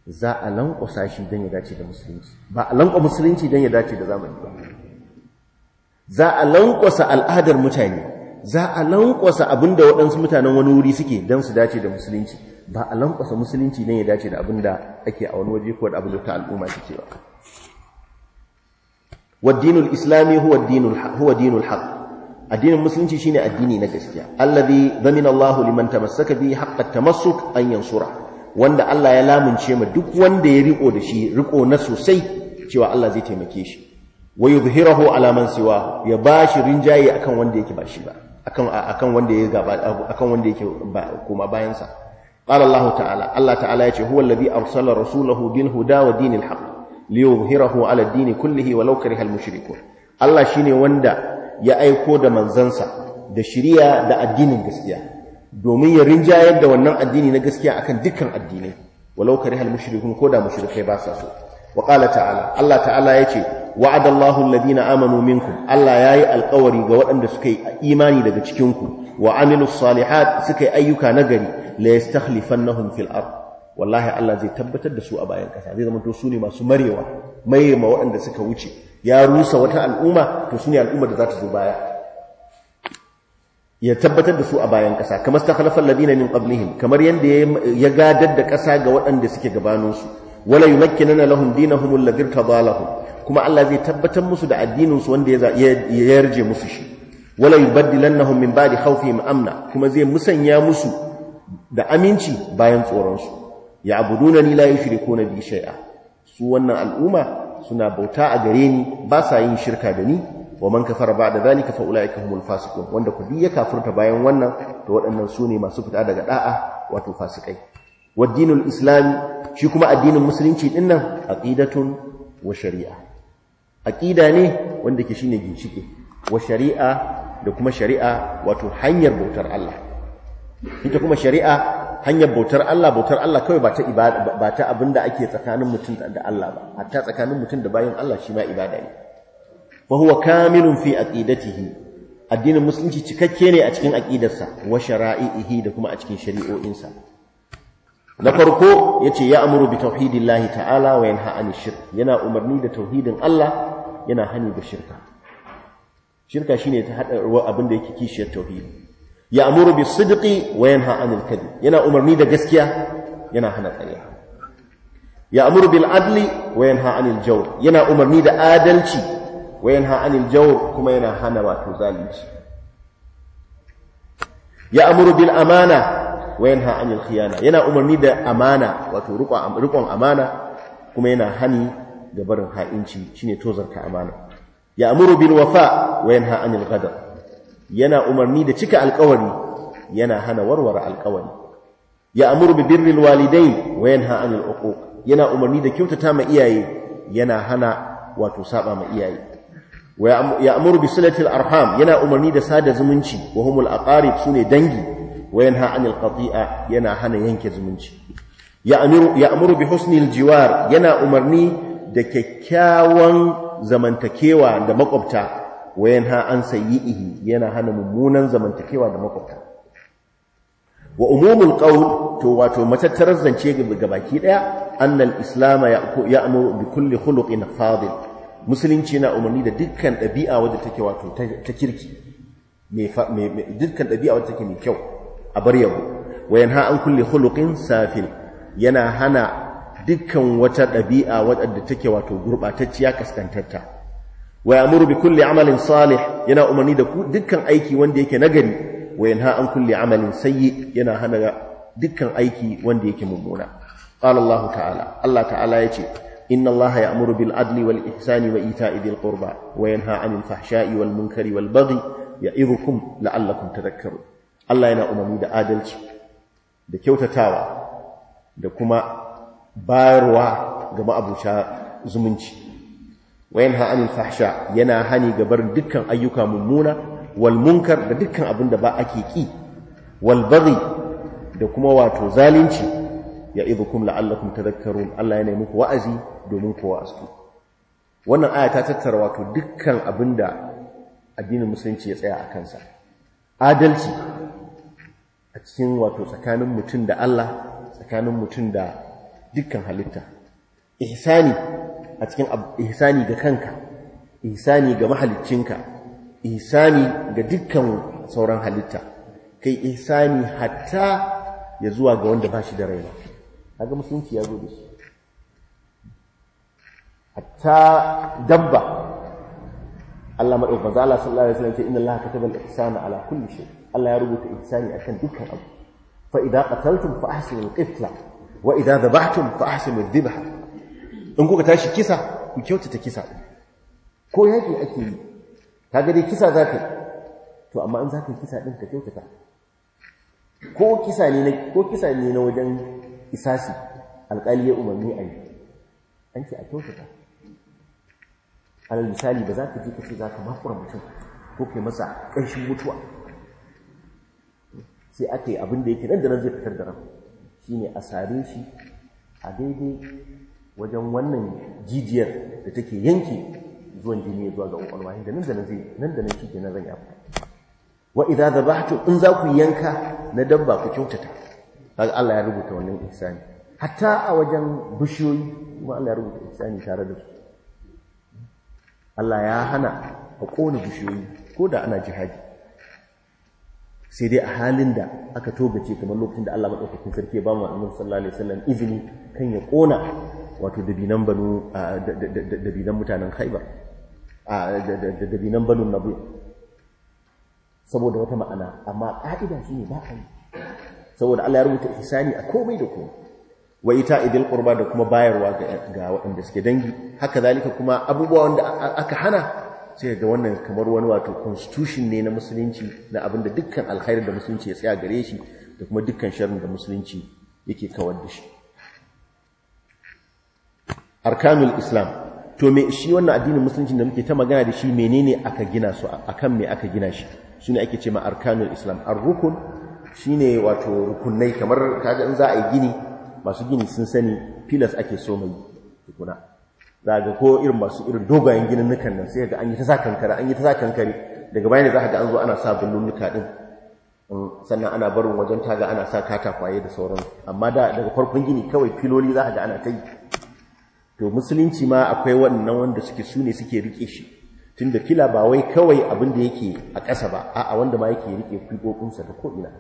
za a lankwasa shi don ya dace da musulunci ba a lankwa musulunci don ya dace da zamani ba za a lankwasa al'adar mutane za a lankwasa abin da waɗansu mutanen wani wuri suke don su dace da musulunci ba a lankwasa musulunci don ya dace da abin da ake a wani waje ko da abin da ta al'umma ke cewa dinul islami huwa dinul haq addinin musulunci shine addini na gaskiya alladhi zamina Allahu liman tamassaka bi haqqa tamassuk an yansura wanda Allah ya lamunce ma duk wanda ya riko da shi riko na sosai cewa Allah zai taimake shi wa yuzhirahu ala man siwa ya bashi rinjaye akan wanda yake ba shi ba akan akan wanda ya gaba akan wanda yake kuma bayan sa qala ta'ala Allah ta'ala yace huwa alladhi arsala rasulahu bil huda wa dinil haqq liyuzhirahu ala ad kullihi walau kariha al-mushrikun Allah shine wanda ya aiko da manzansa da shiriya da addinin gaskiya domin ya rinjayar da wannan addini na gaskiya akan dukkan addinai walau hal mushrikun ko da mushrikai ba sa so wa qala ta'ala Allah ta'ala yace wa'adallahu alladhina amanu minkum Allah yayi alƙawari ga waɗanda suka yi imani daga cikin ku wa amilus salihat suka yi ayyuka nagari la yastakhlifannahum fil ard wallahi Allah zai tabbatar da su a bayan kasa zai zama to su ne masu marewa mai ma waɗanda suka wuce ya rusa wata al'umma to shine al'ummar da za ta zo baya ya tabbatar da su a bayan ƙasa kamar stakhlafal ladina min qablihim kamar yanda ya gadar da ƙasa ga waɗanda suke gabanin su wala yumakkinana lahum dinahum alladhi tadalahum kuma Allah zai tabbatar musu da addinin su wanda ya yarje musu shi wala yubaddilannahum min ba'di khawfihim amna kuma zai musanya musu da aminci bayan tsoron su ya'budunani la yushrikuna bi shay'a su wannan al'umma suna bauta a gare ni ba sa yin shirka da ni wa man kafara da zalika fa ulaika humul fasiqun wanda ku ya kafirta bayan wannan to waɗannan su ne masu fita daga da'a wato fasikai wa dinul islami shi kuma addinin musulunci din nan aqidatun wa shari'a aqida ne wanda ke shine ginshike wa shari'a da kuma shari'a wato hanyar bautar Allah ita kuma shari'a hanyar bautar Allah bautar Allah kawai ba ta ibada ba ta da ake tsakanin mutum da Allah ba hatta tsakanin mutum da bayan Allah shi ma ibada ne fa huwa kamilun fi aqidatihi addinin musulunci cikakke ne a cikin aqidarsa wa shara'ihi da kuma a cikin shari'o'insa na farko yace ya amuru bi tauhidillahi ta'ala wa yanha anil shirk yana umarni da tauhidin Allah yana hani da shirka shirka shine ta hada abinda yake kishiyar tauhidi ya amuru bi sidqi wa yanha anil kadhib yana umarni da gaskiya yana hana ƙarya ya amuru bil adli wa yanha anil jawr yana umarni da adalci wa yanha anil jawr kuma yana hana wato zalunci ya amuru bil amana wa yanha anil khiyana yana umarni da amana wato riƙon amana kuma yana hani da barin ha'inci shine tozarka amana ya amuru bil wafa wa yanha anil ghadab yana umarni da cika alkawari yana hana warware alkawari ya amuru bi birril walidain wa yanha anil uquq yana umarni da kyautata ma iyaye yana hana wato saba ma iyaye wa ya amuru bi silatil arham yana umarni da sada zumunci wa humul aqarib sune dangi wa yanha anil qati'a yana hana yanke zumunci ya amuru ya amuru bi husnil jiwar yana umarni da kyakkyawan zamantakewa da makwabta wayan ha an sayyihi yana hana mummunan zamantakewa da makwabta wa umumul qawl to wato matattarar zance ga baki daya annal islam ya'muru bi kulli khuluqin fadil musulunci na umarni da dukkan dabi'a wadda take wato ta kirki mai dukkan dabi'a wadda take mai kyau a bar yabo wayan ha an kulli khuluqin safil yana hana dukkan wata dabi'a wadda take wato gurbatacciya kaskantarta wa ya'muru bi kulli amalin salih yana umarni da dukkan aiki wanda yake nagari wa yanha an kulli amalin sayyi yana hana dukkan aiki wanda yake mummuna qala Allah ta'ala Allah ta'ala yace inna Allah ya'muru bil adli wal ihsani wa ita'i dhil qurba wa yanha 'anil fahsha'i wal munkari wal baghi ya'idhukum la'allakum tadhakkarun Allah yana umarni da adalci da kyautatawa da kuma bayarwa ga ma'abuta zumunci wa yanha anil fahsha yana hani ga barin dukkan ayyuka mummuna wal munkar da dukkan abin da ba ake ki wal baghi da kuma wato zalunci ya idhukum la'allakum tadhakkarun Allah yana muku wa'azi domin ku wa'azu wannan aya ta tattara wato dukkan abin da addinin musulunci ya tsaya a kansa adalci a cikin wato tsakanin mutum da Allah tsakanin mutum da dukkan halitta ihsani a cikin ihsani ga kanka ihsani ga mahaliccinka ihsani ga dukkan sauran halitta kai ihsani hatta ya zuwa ga wanda ba shi da raina kaga musulunci ya zo da shi hatta dabba Allah madaukakin manzo Allah sallallahu alaihi wasallam ce inna Allah kataba al-ihsana ala kulli shay Allah ya rubuta ihsani akan dukkan abu fa idan qataltum fa ahsinu al-qitla wa idan dhabhtum fa ahsinu adh in kuka tashi kisa ku kyautata kisa ko yaki ake yi ta gari kisa za ka to amma an za ka kisa ɗin ka kyautata ko kisa ne na ko kisa ne na wajen isasi alƙali ya umarni a yi an ce a kyautata alal misali ba za ka je ka ce za ka makura mutum ko kai masa ƙarshen mutuwa sai aka yi abin da yake nan da nan zai fitar da ran Shi ne a sare shi a daidai wajen wannan jijiyar da take yanke zuwan jini zuwa ga kwakwalwa inda nan da nan zai nan da nan shi ke nan zan yi wa idza dhabhtu in za ku yanka na dabba ku kyautata kaga Allah ya rubuta wannan ihsani hatta a wajen bishiyoyi kuma Allah ya rubuta ihsani tare da su Allah ya hana a kona bishiyoyi ko da ana jihadi sai dai a halin da aka togace kamar lokacin da Allah madaukakin sarki ya ba mu Annabi sallallahu alaihi wasallam izini kan ya kona wato dabinan banu dabinan mutanen khaibar dabinan banu nabi saboda wata ma'ana amma ƙa'ida su ne ba a yi saboda Allah ya rubuta isani a komai da komai wa ita idil ƙurba da kuma bayarwa ga waɗanda suke dangi haka zalika kuma abubuwa wanda aka hana sai ga wannan kamar wani wato constitution ne na musulunci na abinda dukkan alkhairar da musulunci ya tsaya gare shi da kuma dukkan sharrin da musulunci yake kawar da shi arkanul islam to me shi wannan addinin musulunci da muke ta magana da shi menene aka gina su akan me aka gina shi shine ake ce ma arkanul islam Arrukun shi shine wato rukunai kamar kaga in za a yi gini masu gini sun sani pillars ake so mai tukuna za ga ko irin masu irin dogayen ginin nukan nan sai ga an yi ta sa kankare an yi ta sa kankare daga bayan za ga an zo ana sa bullun nuka din mm, sannan ana barin wajen taga ana sa katakwaye da sauran amma da daga farkon gini kawai filoli za ga ana ta yi to musulunci ma akwai wannan wanda suke su ne suke rike shi tunda kila ba wai kawai abin da yake a ƙasa ba a'a wanda ma yake rike kwibokunsa da ko'ina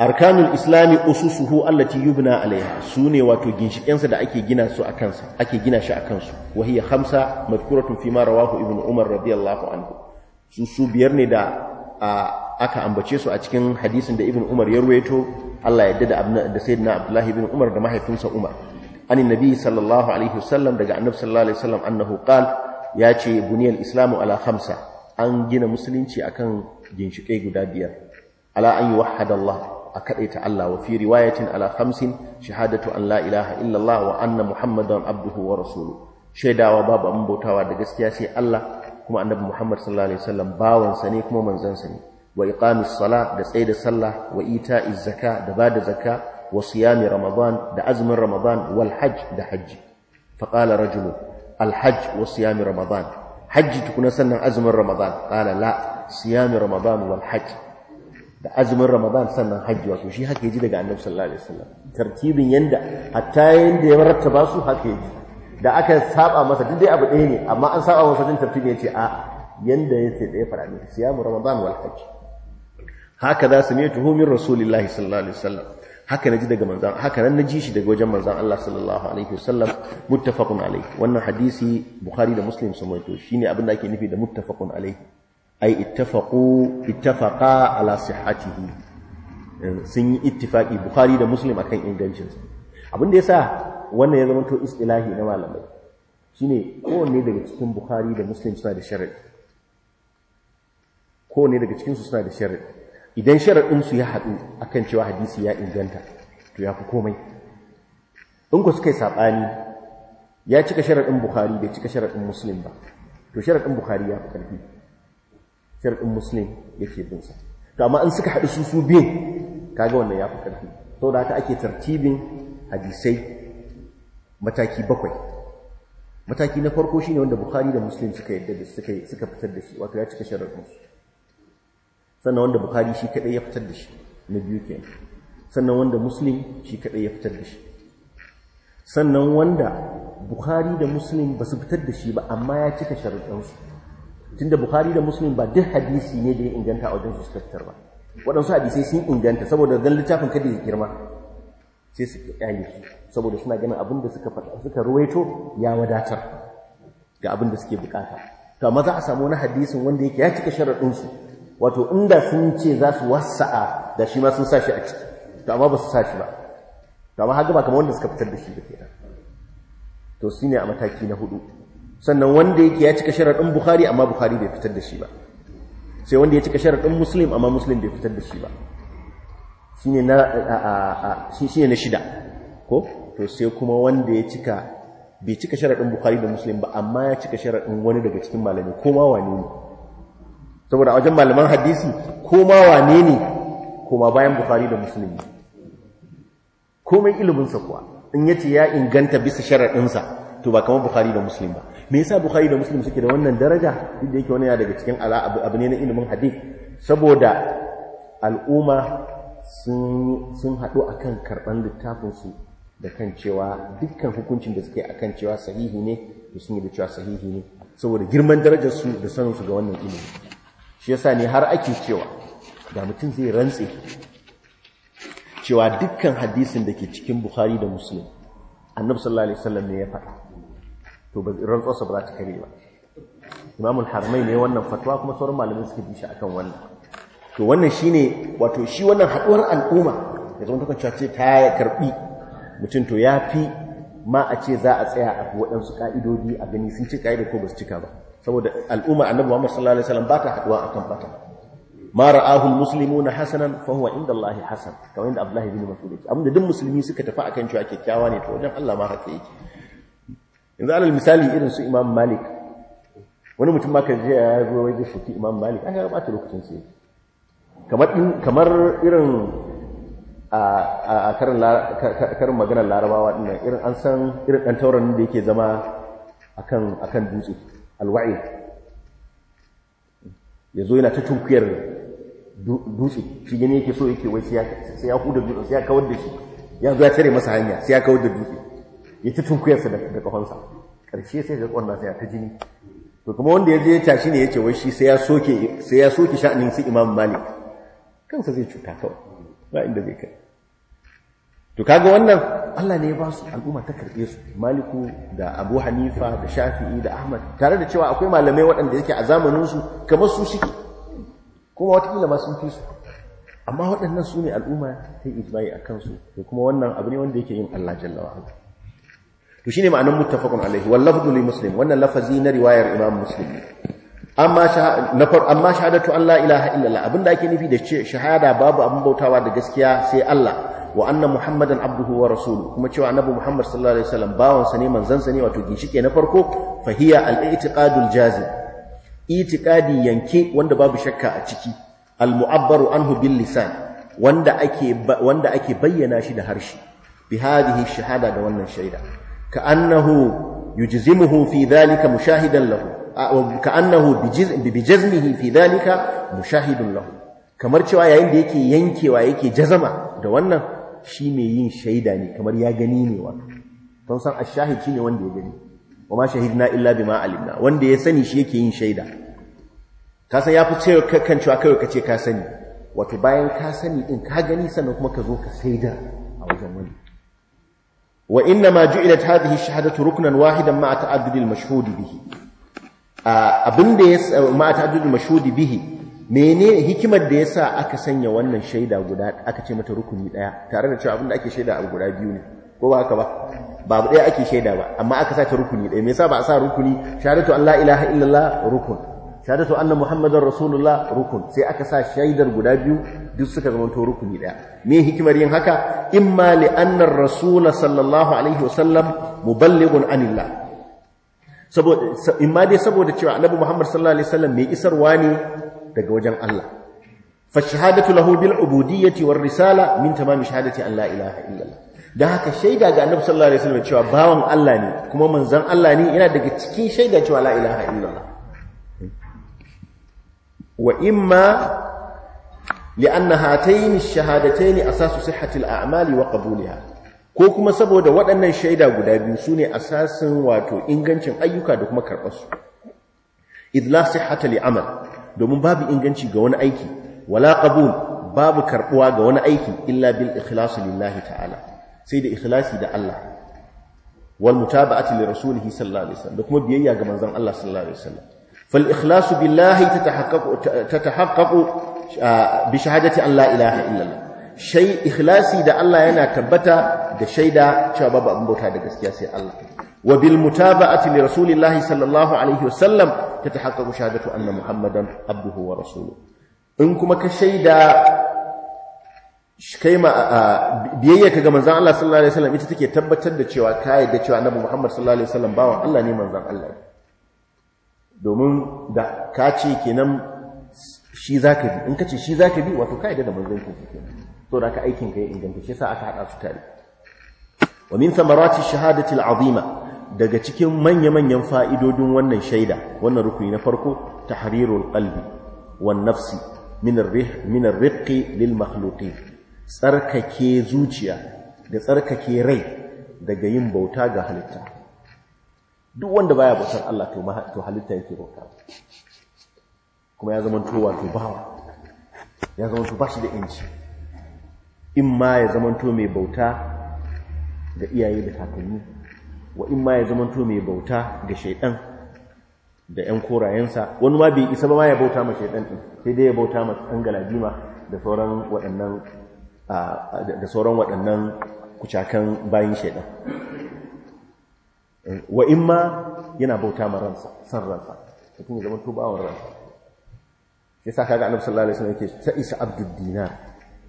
arkanul islami ususuhu allati yubna alaiha su ne wato ginshikensa da ake gina su a kansa ake gina shi a kansu hamsa hamsa, khamsa tun fi ma rawahu ibn umar radiyallahu anhu su su biyar ne da aka ambace su a cikin hadisin da ibn umar ya ruwaito Allah ya yarda da sayyidina abdullahi ibn umar da mahaifinsa umar an nabi sallallahu alaihi wasallam daga annabi sallallahu alaihi wasallam annahu qal ya ce buniyal islamu ala khamsa an gina musulunci akan ginshikai guda biyar ala an yuwahhada Allah a kaɗaita Allah Wafi fi riwayatin ala khamsin shahadatu an la ilaha illallah wa anna muhammadan abduhu wa rasulu shaidawa babu an bautawa da gaskiya sai Allah kuma annabi Muhammad sallallahu alaihi wasallam bawansa ne kuma manzansa ne wa iqamis sala da tsaida sallah wa ita ita'iz zaka da bada zakka wa siyami ramadan da azumin ramadan wal hajj da hajji faqala rajulu al hajj wa siyami ramadan hajji tukuna sannan azumin ramadan qala la siyami ramadan wal hajj da azumin ramadan sannan hajji wato shi haka daga annabi sallallahu alaihi ya su da aka saba masa duk dai abu ɗaya ne amma an saba masa din tartibin ce a'a yanda yace da ya fara ne siyamu ramadan wal hajj haka za su ne tuhumin rasulullahi sallallahu alaihi wasallam haka naji daga manzan haka nan naji shi daga wajen manzan Allah sallallahu alaihi wasallam muttafaqun alaihi wannan hadisi bukhari da muslim sun to shine abin da ake nufi da muttafaqun alaihi ai ittafaqu ittafaqa ala sihhatihi sun yi ittifaqi bukhari da muslim akan ingancin sa abin da yasa wannan ya zama to istilahi na malamai shine kowanne daga cikin bukhari da muslim suna da sharadi kowanne daga cikin su suna da sharadi idan sharaɗinsu ya haɗu a kan cewa hadisi ya inganta to ya fi komai in ku suka yi saɓani ya cika sharaɗin bukhari bai cika sharaɗin musulun ba to sharaɗin bukhari ya fi ƙarfi sharaɗin ya yake binsa to amma in suka haɗu su su biyun kaga wannan ya fi ƙarfi da haka ake tartibin hadisai mataki bakwai mataki na farko shine wanda bukhari da musulun suka yadda suka fitar da shi wato ya cika sharaɗin su sannan wanda bukari shi kadai ya fitar da shi na biyu ke sannan wanda muslim shi kadai ya fitar da shi sannan wanda bukari da muslim ba su fitar da shi ba amma ya cika sharuɗansu tunda bukari da muslim ba duk hadisi ne da ya inganta a wajen su suka fitar ba waɗansu hadisai sun inganta saboda gan littafin kada ya girma sai su ƙyale su saboda suna ganin abin da suka faɗa suka ruwaito ya wadatar ga abin da suke bukata to amma za a samu wani hadisin wanda yake ya cika sharaɗinsu wato inda sun ce za su wasa'a da shi ma sun sa shi a ciki to amma ba su sa shi ba to amma haka ba kamar wanda suka fitar da shi da kenan to su ne a mataki na hudu sannan wanda yake ya cika sharaɗin bukhari amma bukhari bai fitar da shi ba sai wanda ya cika sharaɗin muslim amma muslim bai fitar da shi ba shine na ne na shida ko to sai kuma wanda ya cika bai cika sharaɗin bukhari da muslim ba amma ya cika sharaɗin wani daga cikin malami ko ma wani ne saboda wajen malaman hadisi ko ma wane ne koma bayan bukari da musulmi komai iliminsa kuwa in yace ya inganta bisa sharaɗinsa to ba kamar bukari da musulmi ba me yasa bukari da musulmi suke da wannan daraja duk da yake wani daga cikin ala abu ne na ilimin hadis saboda al'umma sun haɗu a kan karɓar littafinsu da kan cewa dukkan hukuncin da suke a kan cewa sahihi ne da sun yi da cewa sahihi ne saboda girman darajarsu da saninsu ga wannan ilimi shi yasa ne har ake cewa da mutum zai rantse cewa dukkan hadisin da ke cikin Bukhari da Muslim Annabi sallallahu alaihi wasallam ne ya faɗa to ba rantsuwarsa ba za ta kare ba imamul harmai ne wannan fatwa kuma sauran malamai suka bi shi akan wannan to wannan shine wato shi wannan haduwar al'umma da zama ta cewa ce ta ya karbi mutum to ya fi ma a ce za a tsaya a waɗansu ka'idodi a gani sun ci ka'ida ko ba su cika ba saboda al'umma annabi Muhammad sallallahu alaihi wasallam ba ta haduwa akan bata ma ra'ahu almuslimuna hasanan fa huwa inda Allah hasan kamar inda Abdullah ibn Mas'ud yake abinda duk musulmi suka tafi akan cewa kyakkyawa ne to wajen Allah ma haka yake yanzu alal misali irin su Imam Malik wani mutum ma ka je ya zo wai wajen shi Imam Malik an ba ta lokacin sai kamar kamar irin a karin maganar larabawa dinnan irin an san irin ɗan tauran da yake zama akan dutse alwa'i ya zo yana ta tunkiyar dutse shi gani yake so yake wai sai ya huda dutse sai ya kawar da shi ya zo ya tare masa hanya sai ya kawar da dutse ya ta tunkiyarsa da kafansa ƙarshe sai ya ƙwallon sai ya ta jini to kuma wanda ya je ya tashi ne ya ce wai shi sai ya soke sai ya soke sha'anin su imam malik kansa zai cuta kawai ba inda zai kai to kaga wannan Allah ne ya ba su al'umma ta karbe su maliku da abu hanifa da shafi'i da ahmad tare da cewa akwai malamai waɗanda yake a zamanin su kamar su suke kuma watakila ma sun fi su amma waɗannan su ne al'umma ta yi ijma'i a kansu To kuma wannan abu ne wanda yake yin Allah jalla wa ala to shine ma'anar muttafaqun alaihi wal lafzu li muslim wannan lafazi na riwayar imam muslim amma amma shahadatu an la ilaha illallah abinda ake nufi da shahada babu abin bautawa da gaskiya sai Allah wa anna muhammadan abduhu wa rasuluhu kuma cewa annabi muhammad sallallahu alaihi wasallam bawan sa ne manzon sa ne wato ginshike na farko fa hiya al-i'tiqadul jazim itiqadi yanke wanda babu shakka a ciki al-mu'abbaru anhu bil lisan wanda ake wanda ake bayyana shi da harshe bi hadhihi shahada da wannan shaida ka annahu yujzimuhu fi dhalika mushahidan lahu ka annahu bi jazmihi fi dhalika mushahidun lahu kamar cewa yayin da yake yankewa yake jazama da wannan shi mai yin shaida ne kamar ya gani ne wato don san ashahid ne wanda ya gani wa ma shahidna illa bima alimna wanda ya sani shi yake yin shaida ka san yafi cewa kan cewa kai ka ce ka sani wato bayan ka sani din ka gani sannan kuma ka zo ka saida a wajen wani wa inna ma ju'ilat hadhihi shahadatu ruknan wahidan ma'a ta'addudi al bihi abinda ya ma'a ta'addudi al bihi Mene hikimar da yasa aka sanya wannan shaida guda aka ce mata rukuni daya tare da cewa abinda ake shaida a guda biyu ne ko ba haka ba babu daya ake shaida ba amma aka sa ta rukuni daya me yasa ba a sa rukuni shahadatu an la ilaha illallah rukun shahadatu anna muhammadar rasulullah rukun sai aka sa shaidar guda biyu duk suka zama to rukuni daya me hikimar yin haka imma li anna ar-rasul sallallahu alaihi wasallam muballighun anillah saboda imma dai saboda cewa annabi muhammad sallallahu alaihi wasallam mai isarwa ne daga wajen Allah fa shahadatu lahu bil ubudiyyati war risala min tamam shahadati an la ilaha illallah da haka shaida ga annabi sallallahu alaihi wasallam cewa bawan Allah ne kuma manzon Allah ne yana daga cikin shaida cewa la ilaha illallah wa imma li'anna hatayn ash-shahadatayn asasu sihhati al-a'mali wa qabuliha ko kuma saboda waɗannan shaida guda biyu sune asasin wato ingancin ayyuka da kuma karɓar su idla sihhata li'amal domin babu inganci ga wani aiki wala qabul babu karbuwa ga wani aiki illa bil ikhlas lillahi ta'ala sai da ikhlasi da Allah wal mutaba'ati li rasulih sallallahu alaihi wasallam da kuma biyayya ga manzon Allah sallallahu alaihi wasallam fal ikhlas billahi tatahaqqaqu tatahaqqaqu bi shahadati an la ilaha illallah shay ikhlasi da Allah yana tabbata da shaida cewa babu abin bauta da gaskiya sai Allah وبالمتابعه لرسول الله صلى الله عليه وسلم تتحقق شهادة أن محمدا عبده ورسوله كما كشيدا بيي biyayyarka ga manzon Allah sallallahu alaihi wasallam ita take tabbatar da cewa kai da cewa annabi Muhammad sallallahu alaihi wasallam bawan Allah ne manzon Allah domin da ka ce kenan shi zaka bi in ka ce shi zaka bi wato kai da manzon ku kenan to da ka aikin ka ya inganta shi sa aka hada su tare ومن ثمرات thamarati shahadati daga cikin manya-manyan fa'idodin wannan shaida wannan rukuni na farko tahrirul ƙalbi wa nafsi minar ar lil makhluqin tsarkake zuciya da tsarkake rai daga yin bauta ga halitta duk wanda baya bautar Allah to halitta yake bauta kuma ya zama to bawa ya zama to bashi da inci in ma ya zama to mai bauta ga iyaye da kakanni wa in ma ya zamanto mai bauta ga shaidan da ‘yan korayensa wani ma bai isa ba ma ya bauta ma shaidan ɗin sai dai ya bauta ma ɗan galadima da sauran waɗannan kucakan bayan shaidan eh, wa in ma yana bauta ma ransa san ransa mutum ya zamanto bawon ransa ya sa kaga annabi sallallahu alaihi wasallam yake ta isa abdul dinar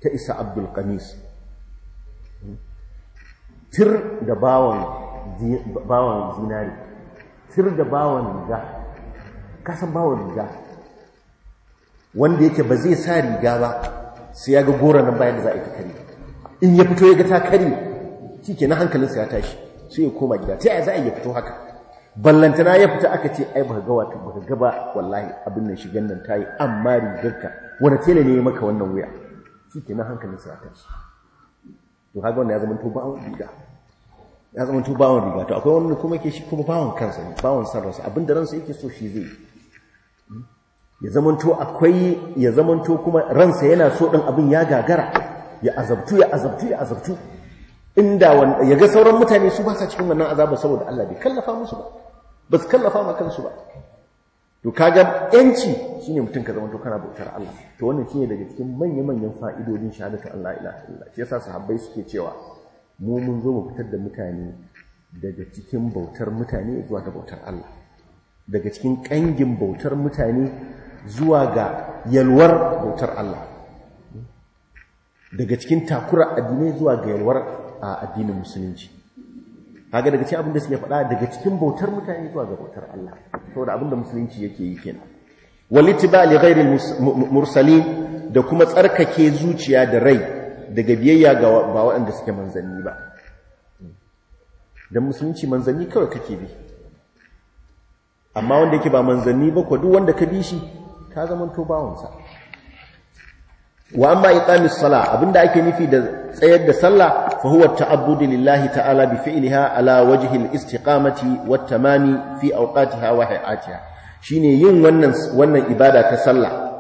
ta isa abdul qamis hmm. tir da bawan bawan zinari sir da bawan riga kasan bawan riga wanda yake ba zai sa riga ba sai ya ga gora nan bayan da za a yi ta kare in ya fito ya ga ta kare shi ke na hankalinsa ya tashi sai ya koma gida ta yaya za a yi fito haka ballantana ya fita aka ce ai baka gawa wato baka gaba wallahi abin nan shigan nan tayi amma rigarka wani tele ne ya maka wannan wuya shi ke na hankalinsa ya tashi to haka wannan ya zama to ba wani riga ya zama to bawan riga to akwai wani kuma ke shi kuma bawan kansa ne bawan sarrafa abinda ransa yake so shi zai ya zamanto akwai ya zamanto kuma ransa yana so din abin ya gagara ya azabtu ya azabtu ya azabtu inda wanda ya ga sauran mutane su ba sa cikin wannan azaba saboda Allah bai kallafa musu ba ba su kallafa ma kansu ba to kaga yanci shine mutum ka zamanto kana bautar Allah to wannan shine daga cikin manya-manyan fa'idodin shahadatu Allah ilaha illallah shi yasa sahabbai suke cewa mu mun zo mu fitar da mutane daga cikin bautar mutane zuwa ga bautar Allah daga cikin kangin bautar mutane zuwa ga yalwar bautar Allah daga cikin takura addinai zuwa ga yalwar a addinin musulunci kaga daga cikin abin da suke faɗa daga cikin bautar mutane zuwa ga bautar Allah saboda abin da musulunci yake yi kenan walitibali ghairil mursalin da kuma tsarkake zuciya da rai daga biyayya ga ba waɗanda suke manzanni ba don musulunci manzanni kawai kake bi amma wanda yake ba manzanni ba ko duk wanda ka bi shi ka zama to bawansa wa amma iqamis sala abinda ake nufi da tsayar da sallah fa huwa ta'abbudu lillahi ta'ala bi fi'liha ala wajhi al-istiqamati wat tamami fi awqatiha wa Shi shine yin wannan ibada ta sallah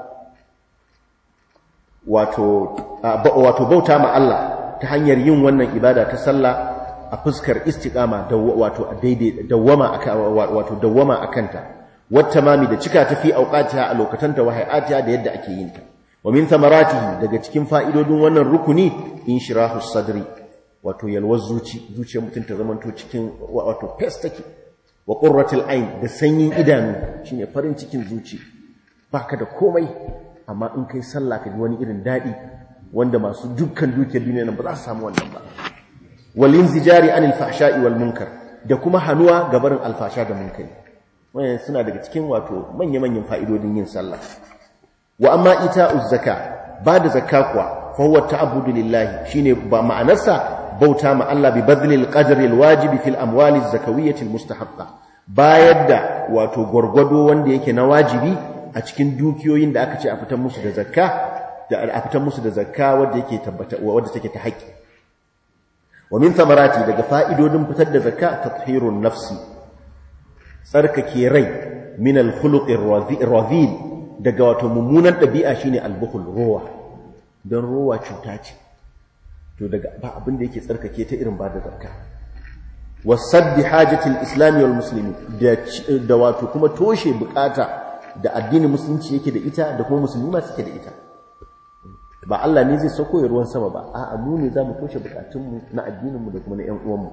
wato bauta ma Allah ta hanyar yin wannan ibada ta sallah a fuskar istiqama wato a daidai dawwama akan wato dawwama akanta mami da cika tafi auqatiha a lokatanta wa hayatiha da yadda ake yin ta wa min thamaratihi daga cikin fa'idodin wannan rukuni inshirahu sadri wato yalwar zuci zuciyar mutum ta zamanto cikin wato pestaki take wa qurratul ain da sanyin idanu shine farin cikin zuci baka da komai amma in kai sallah ka ji wani irin daɗi wanda masu dukkan dukiyar duniya nan ba za su samu wannan ba wal zijari an fahsha'i wal munkar da kuma hannuwa ga barin alfasha da munkari wannan suna daga cikin wato manya-manyan fa'idodin yin sallah wa amma ita zakka ba da zakka kuwa fa huwa ta'budu lillahi shine ba ma'anarsa bauta ma Allah bi badlil qadri alwajibi fil amwali zakawiyyati almustahaqqa bayar da wato gwargwado wanda yake na wajibi a cikin dukiyoyin da aka ce a fitar musu da zakka da a fitar musu da zakka wadda yake tabbata wadda take ta haƙƙi wa min thamarati daga fa'idodin fitar da zakka tathhirun nafsi tsarkake rai min al-khuluqir radhil daga wato mummunan ɗabi'a shine al-bukhl ruwa don ruwa cuta ce to daga ba abin da yake tsarkake ta irin ba da zakka wasaddi hajjatin islami wal musulmi da wato kuma toshe bukata da addinin musulunci yake da ita da kuma musulmi ma suke da ita ba Allah ne zai sako ruwan sama ba a'a mu ne zamu toshe bukatunmu na addininmu da kuma na ƴan uwanmu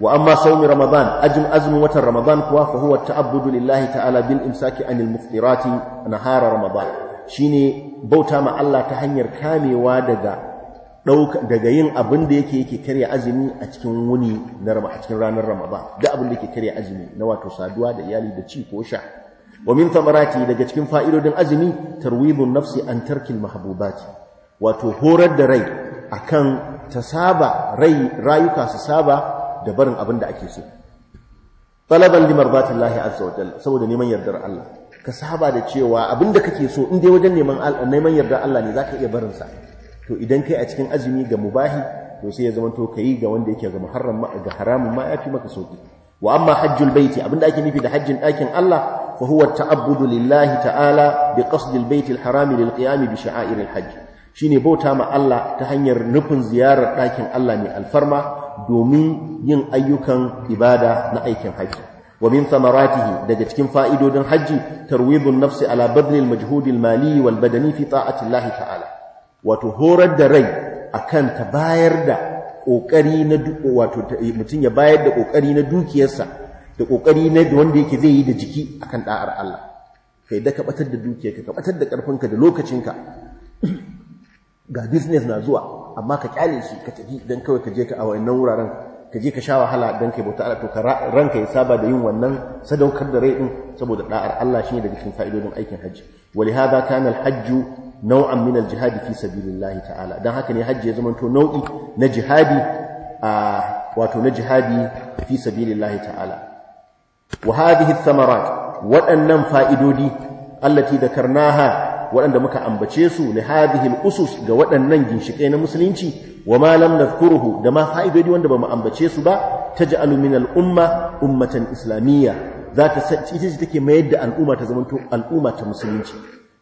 wa amma sawmi ramadan ajin azumin watan ramadan kuwa fa huwa ta'abbudu lillahi ta'ala bil imsaki anil muftirati nahara ramadan shine bauta ma Allah ta hanyar kamewa daga daga yin abin da yake yake karya azumi a cikin wuni na a cikin ranar ramadan da abin da yake karya azumi na wato saduwa da iyali da ci ko sha wa min daga cikin fa'idodin azumi tarwibun nafsi an tarkil mahbubati wato horar da rai akan ta saba rai rayuka su saba da barin abin da ake so talaban Allah azza wa jalla saboda neman yardar Allah ka saba da cewa abinda kake so in dai wajen neman neman yardar Allah ne zaka iya barin sa to idan kai a cikin azumi ga mubahi to sai ya zama to kai ga wanda yake ga muharram ga haramun ma yafi maka sauki wa amma hajjul baiti abinda ake nufi da hajjin ɗakin Allah fa huwa ta'abbudu lillahi ta'ala bi qasdil baitil harami lil qiyam bi sha'airil hajj shine bauta ma Allah ta hanyar nufin ziyarar ɗakin Allah mai alfarma domin yin ayyukan ibada na aikin hajji wa min thamaratihi daga cikin fa'idodin hajji tarwidun nafsi ala badlil majhudil mali wal badani fi ta'ati ta'ala wato horar da rai akan ta bayar da ƙoƙari na wato mutum ya bayar da kokari na dukiyarsa da ƙoƙari na wanda yake zai yi da jiki akan da'ar Allah kai da ka batar da dukiyarka ka batar da karfinka da lokacinka ga business na zuwa amma ka kyale shi ka tafi dan kawai ka je ka a wannan wuraren ka je ka sha wahala dan kai bauta Allah to ka ranka ya saba da yin wannan sadaukar da rai din saboda da'ar Allah shine daga cikin fa'idodin aikin hajji walihada kana al-hajju nau'an min jihadi jihad fi sabilillahi ta'ala dan haka ne hajji ya zamanto nau'i na jihadi a wato na jihadi fi sabilillahi ta'ala wa hadhihi ath-thamarat waɗannan fa'idodi allati dhakarnaha waɗanda muka ambace su li hadhihi al-usus ga waɗannan ginshiƙe na musulunci wa ma lam nadhkuruhu da ma fa'idodi wanda bamu ambace su ba taj'alu min umma ummatan islamiyya zata ita ce take mayar da al'umma ta zamanto al'umma ta musulunci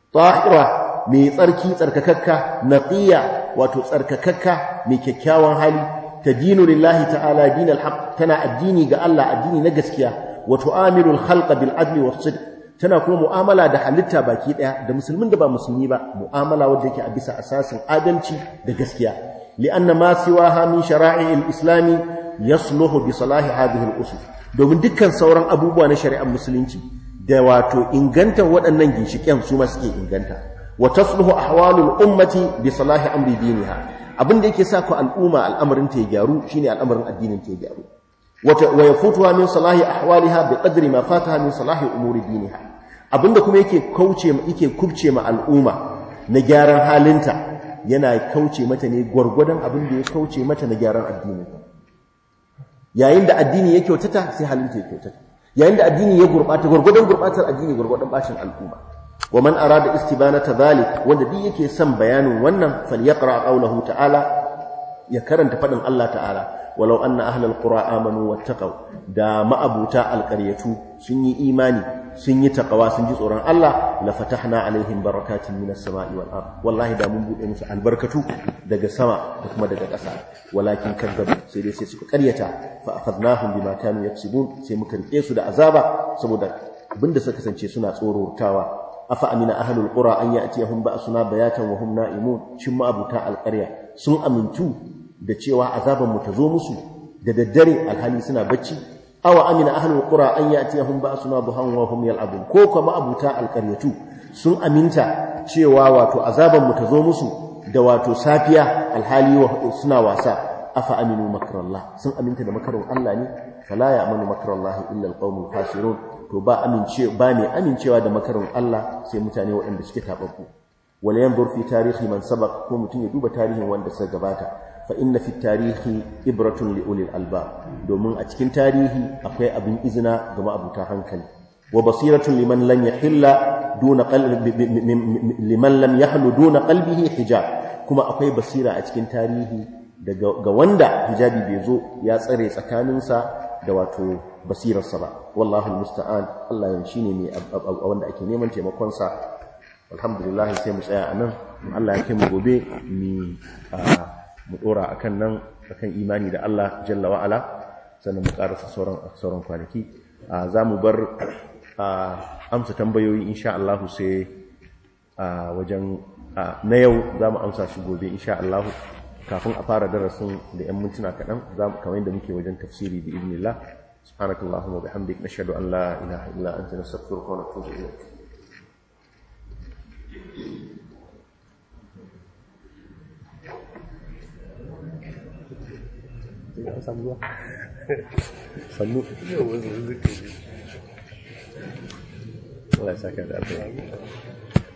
tahira mai tsarki tsarkakakka naqiya wato tsarkakakka mai kyakkyawan hali tadinu lillahi ta'ala dinal haqq tana addini ga Allah addini na gaskiya wato amirul khalqa bil adli was sidq tana kuma mu'amala da halitta baki daya da musulmin da ba musulmi ba mu'amala wanda yake a bisa asasin adalci da gaskiya li'anna ma ha min shara'il islami yasluhu bi salahi hadhihi al domin dukkan sauran abubuwa na shari'ar musulunci da wato ingantan waɗannan ginshiƙen su ma suke inganta wa tafluhu ahwalul ummati bi salahi amri diniha abin da yake sa ku al'umma al'amarin ta ya gyaru shine al'amarin addinin ta ya gyaru wa yafutuha min salahi ahwaliha bi qadri ma fataha min salahi umuri diniha da kuma yake kauce yake kubce ma al'umma na gyaran halinta yana kauce mata ne gwargwadon abin da ya kauce mata na gyaran addini yayin da addini ya kyautata sai halinta ya kyautata yayin da addini ya gurbata gwargwadon gurbatar addini gwargwadon bashin al'umma wa man arada istibanata zalik wanda duk yake son bayanin wannan a qawluhu ta'ala ya karanta fadin Allah ta'ala walau anna ahlal qura amanu wattaqaw da ma'abuta alqaryatu sun yi imani sun yi taqwa sun ji tsoron Allah la fatahna alaihim barakatin minas sama'i wal ard wallahi da mun bude musu albarkatu daga sama da kuma daga ƙasa walakin kadzabu sai dai sai suka karyata fa akhadnahum bima kanu yaksubun sai muka rike su da azaba saboda abinda suka kasance suna tsorotawa afa amina ahlul qura an ya'tiyahum ba'suna bayatan wa hum na'imun shin ma abuta sun amintu da cewa azaban mu ta zo musu da daddare alhali suna bacci awa amina ahlul qura an ya'tiyahum ba'suna duhan wa hum yal'abun ko kuma abuta alqaryatu sun aminta cewa wato azaban mu ta zo musu da wato safiya alhali suna wasa afa aminu makrallah sun aminta da makarin Allah ne fala ya'manu makrallahi illa alqawmul khasirun to ba amince ba ne amincewa da makarin Allah sai mutane waɗanda suke tababbu wala yanzur fi tarihi man sabaq ko mutum ya duba tarihin wanda suka gabata fa inna fi tarihi ibratun li ulil alba domin a cikin tarihi akwai abin izina ga ma'abuta hankali wa basiratun liman lam yahilla duna qalbi liman lam yahlu duna qalbihi hijab kuma akwai basira a cikin tarihi daga wanda hijabi bai zo ya tsare tsakaninsa da wato basirarsa ba wallahi musta'an Allah ya shine mai wanda ake neman taimakon sa alhamdulillah sai mu tsaya anan Allah ya kai mu gobe mu mu dora akan nan akan imani da Allah jalla wa ala sannan mu karasa sauran sauran kwanaki za mu bar amsa tambayoyi insha Allah sai wajen na yau za mu amsa shi gobe insha Allah kafin a fara darasin da 'yan mintuna kaɗan kamar yadda muke wajen tafsiri da ibnillah سبحانك اللهم وبحمدك نشهد أن لا إله إلا أنت نستغفرك ونتوب إليك صندوق صندوق الله يسعدك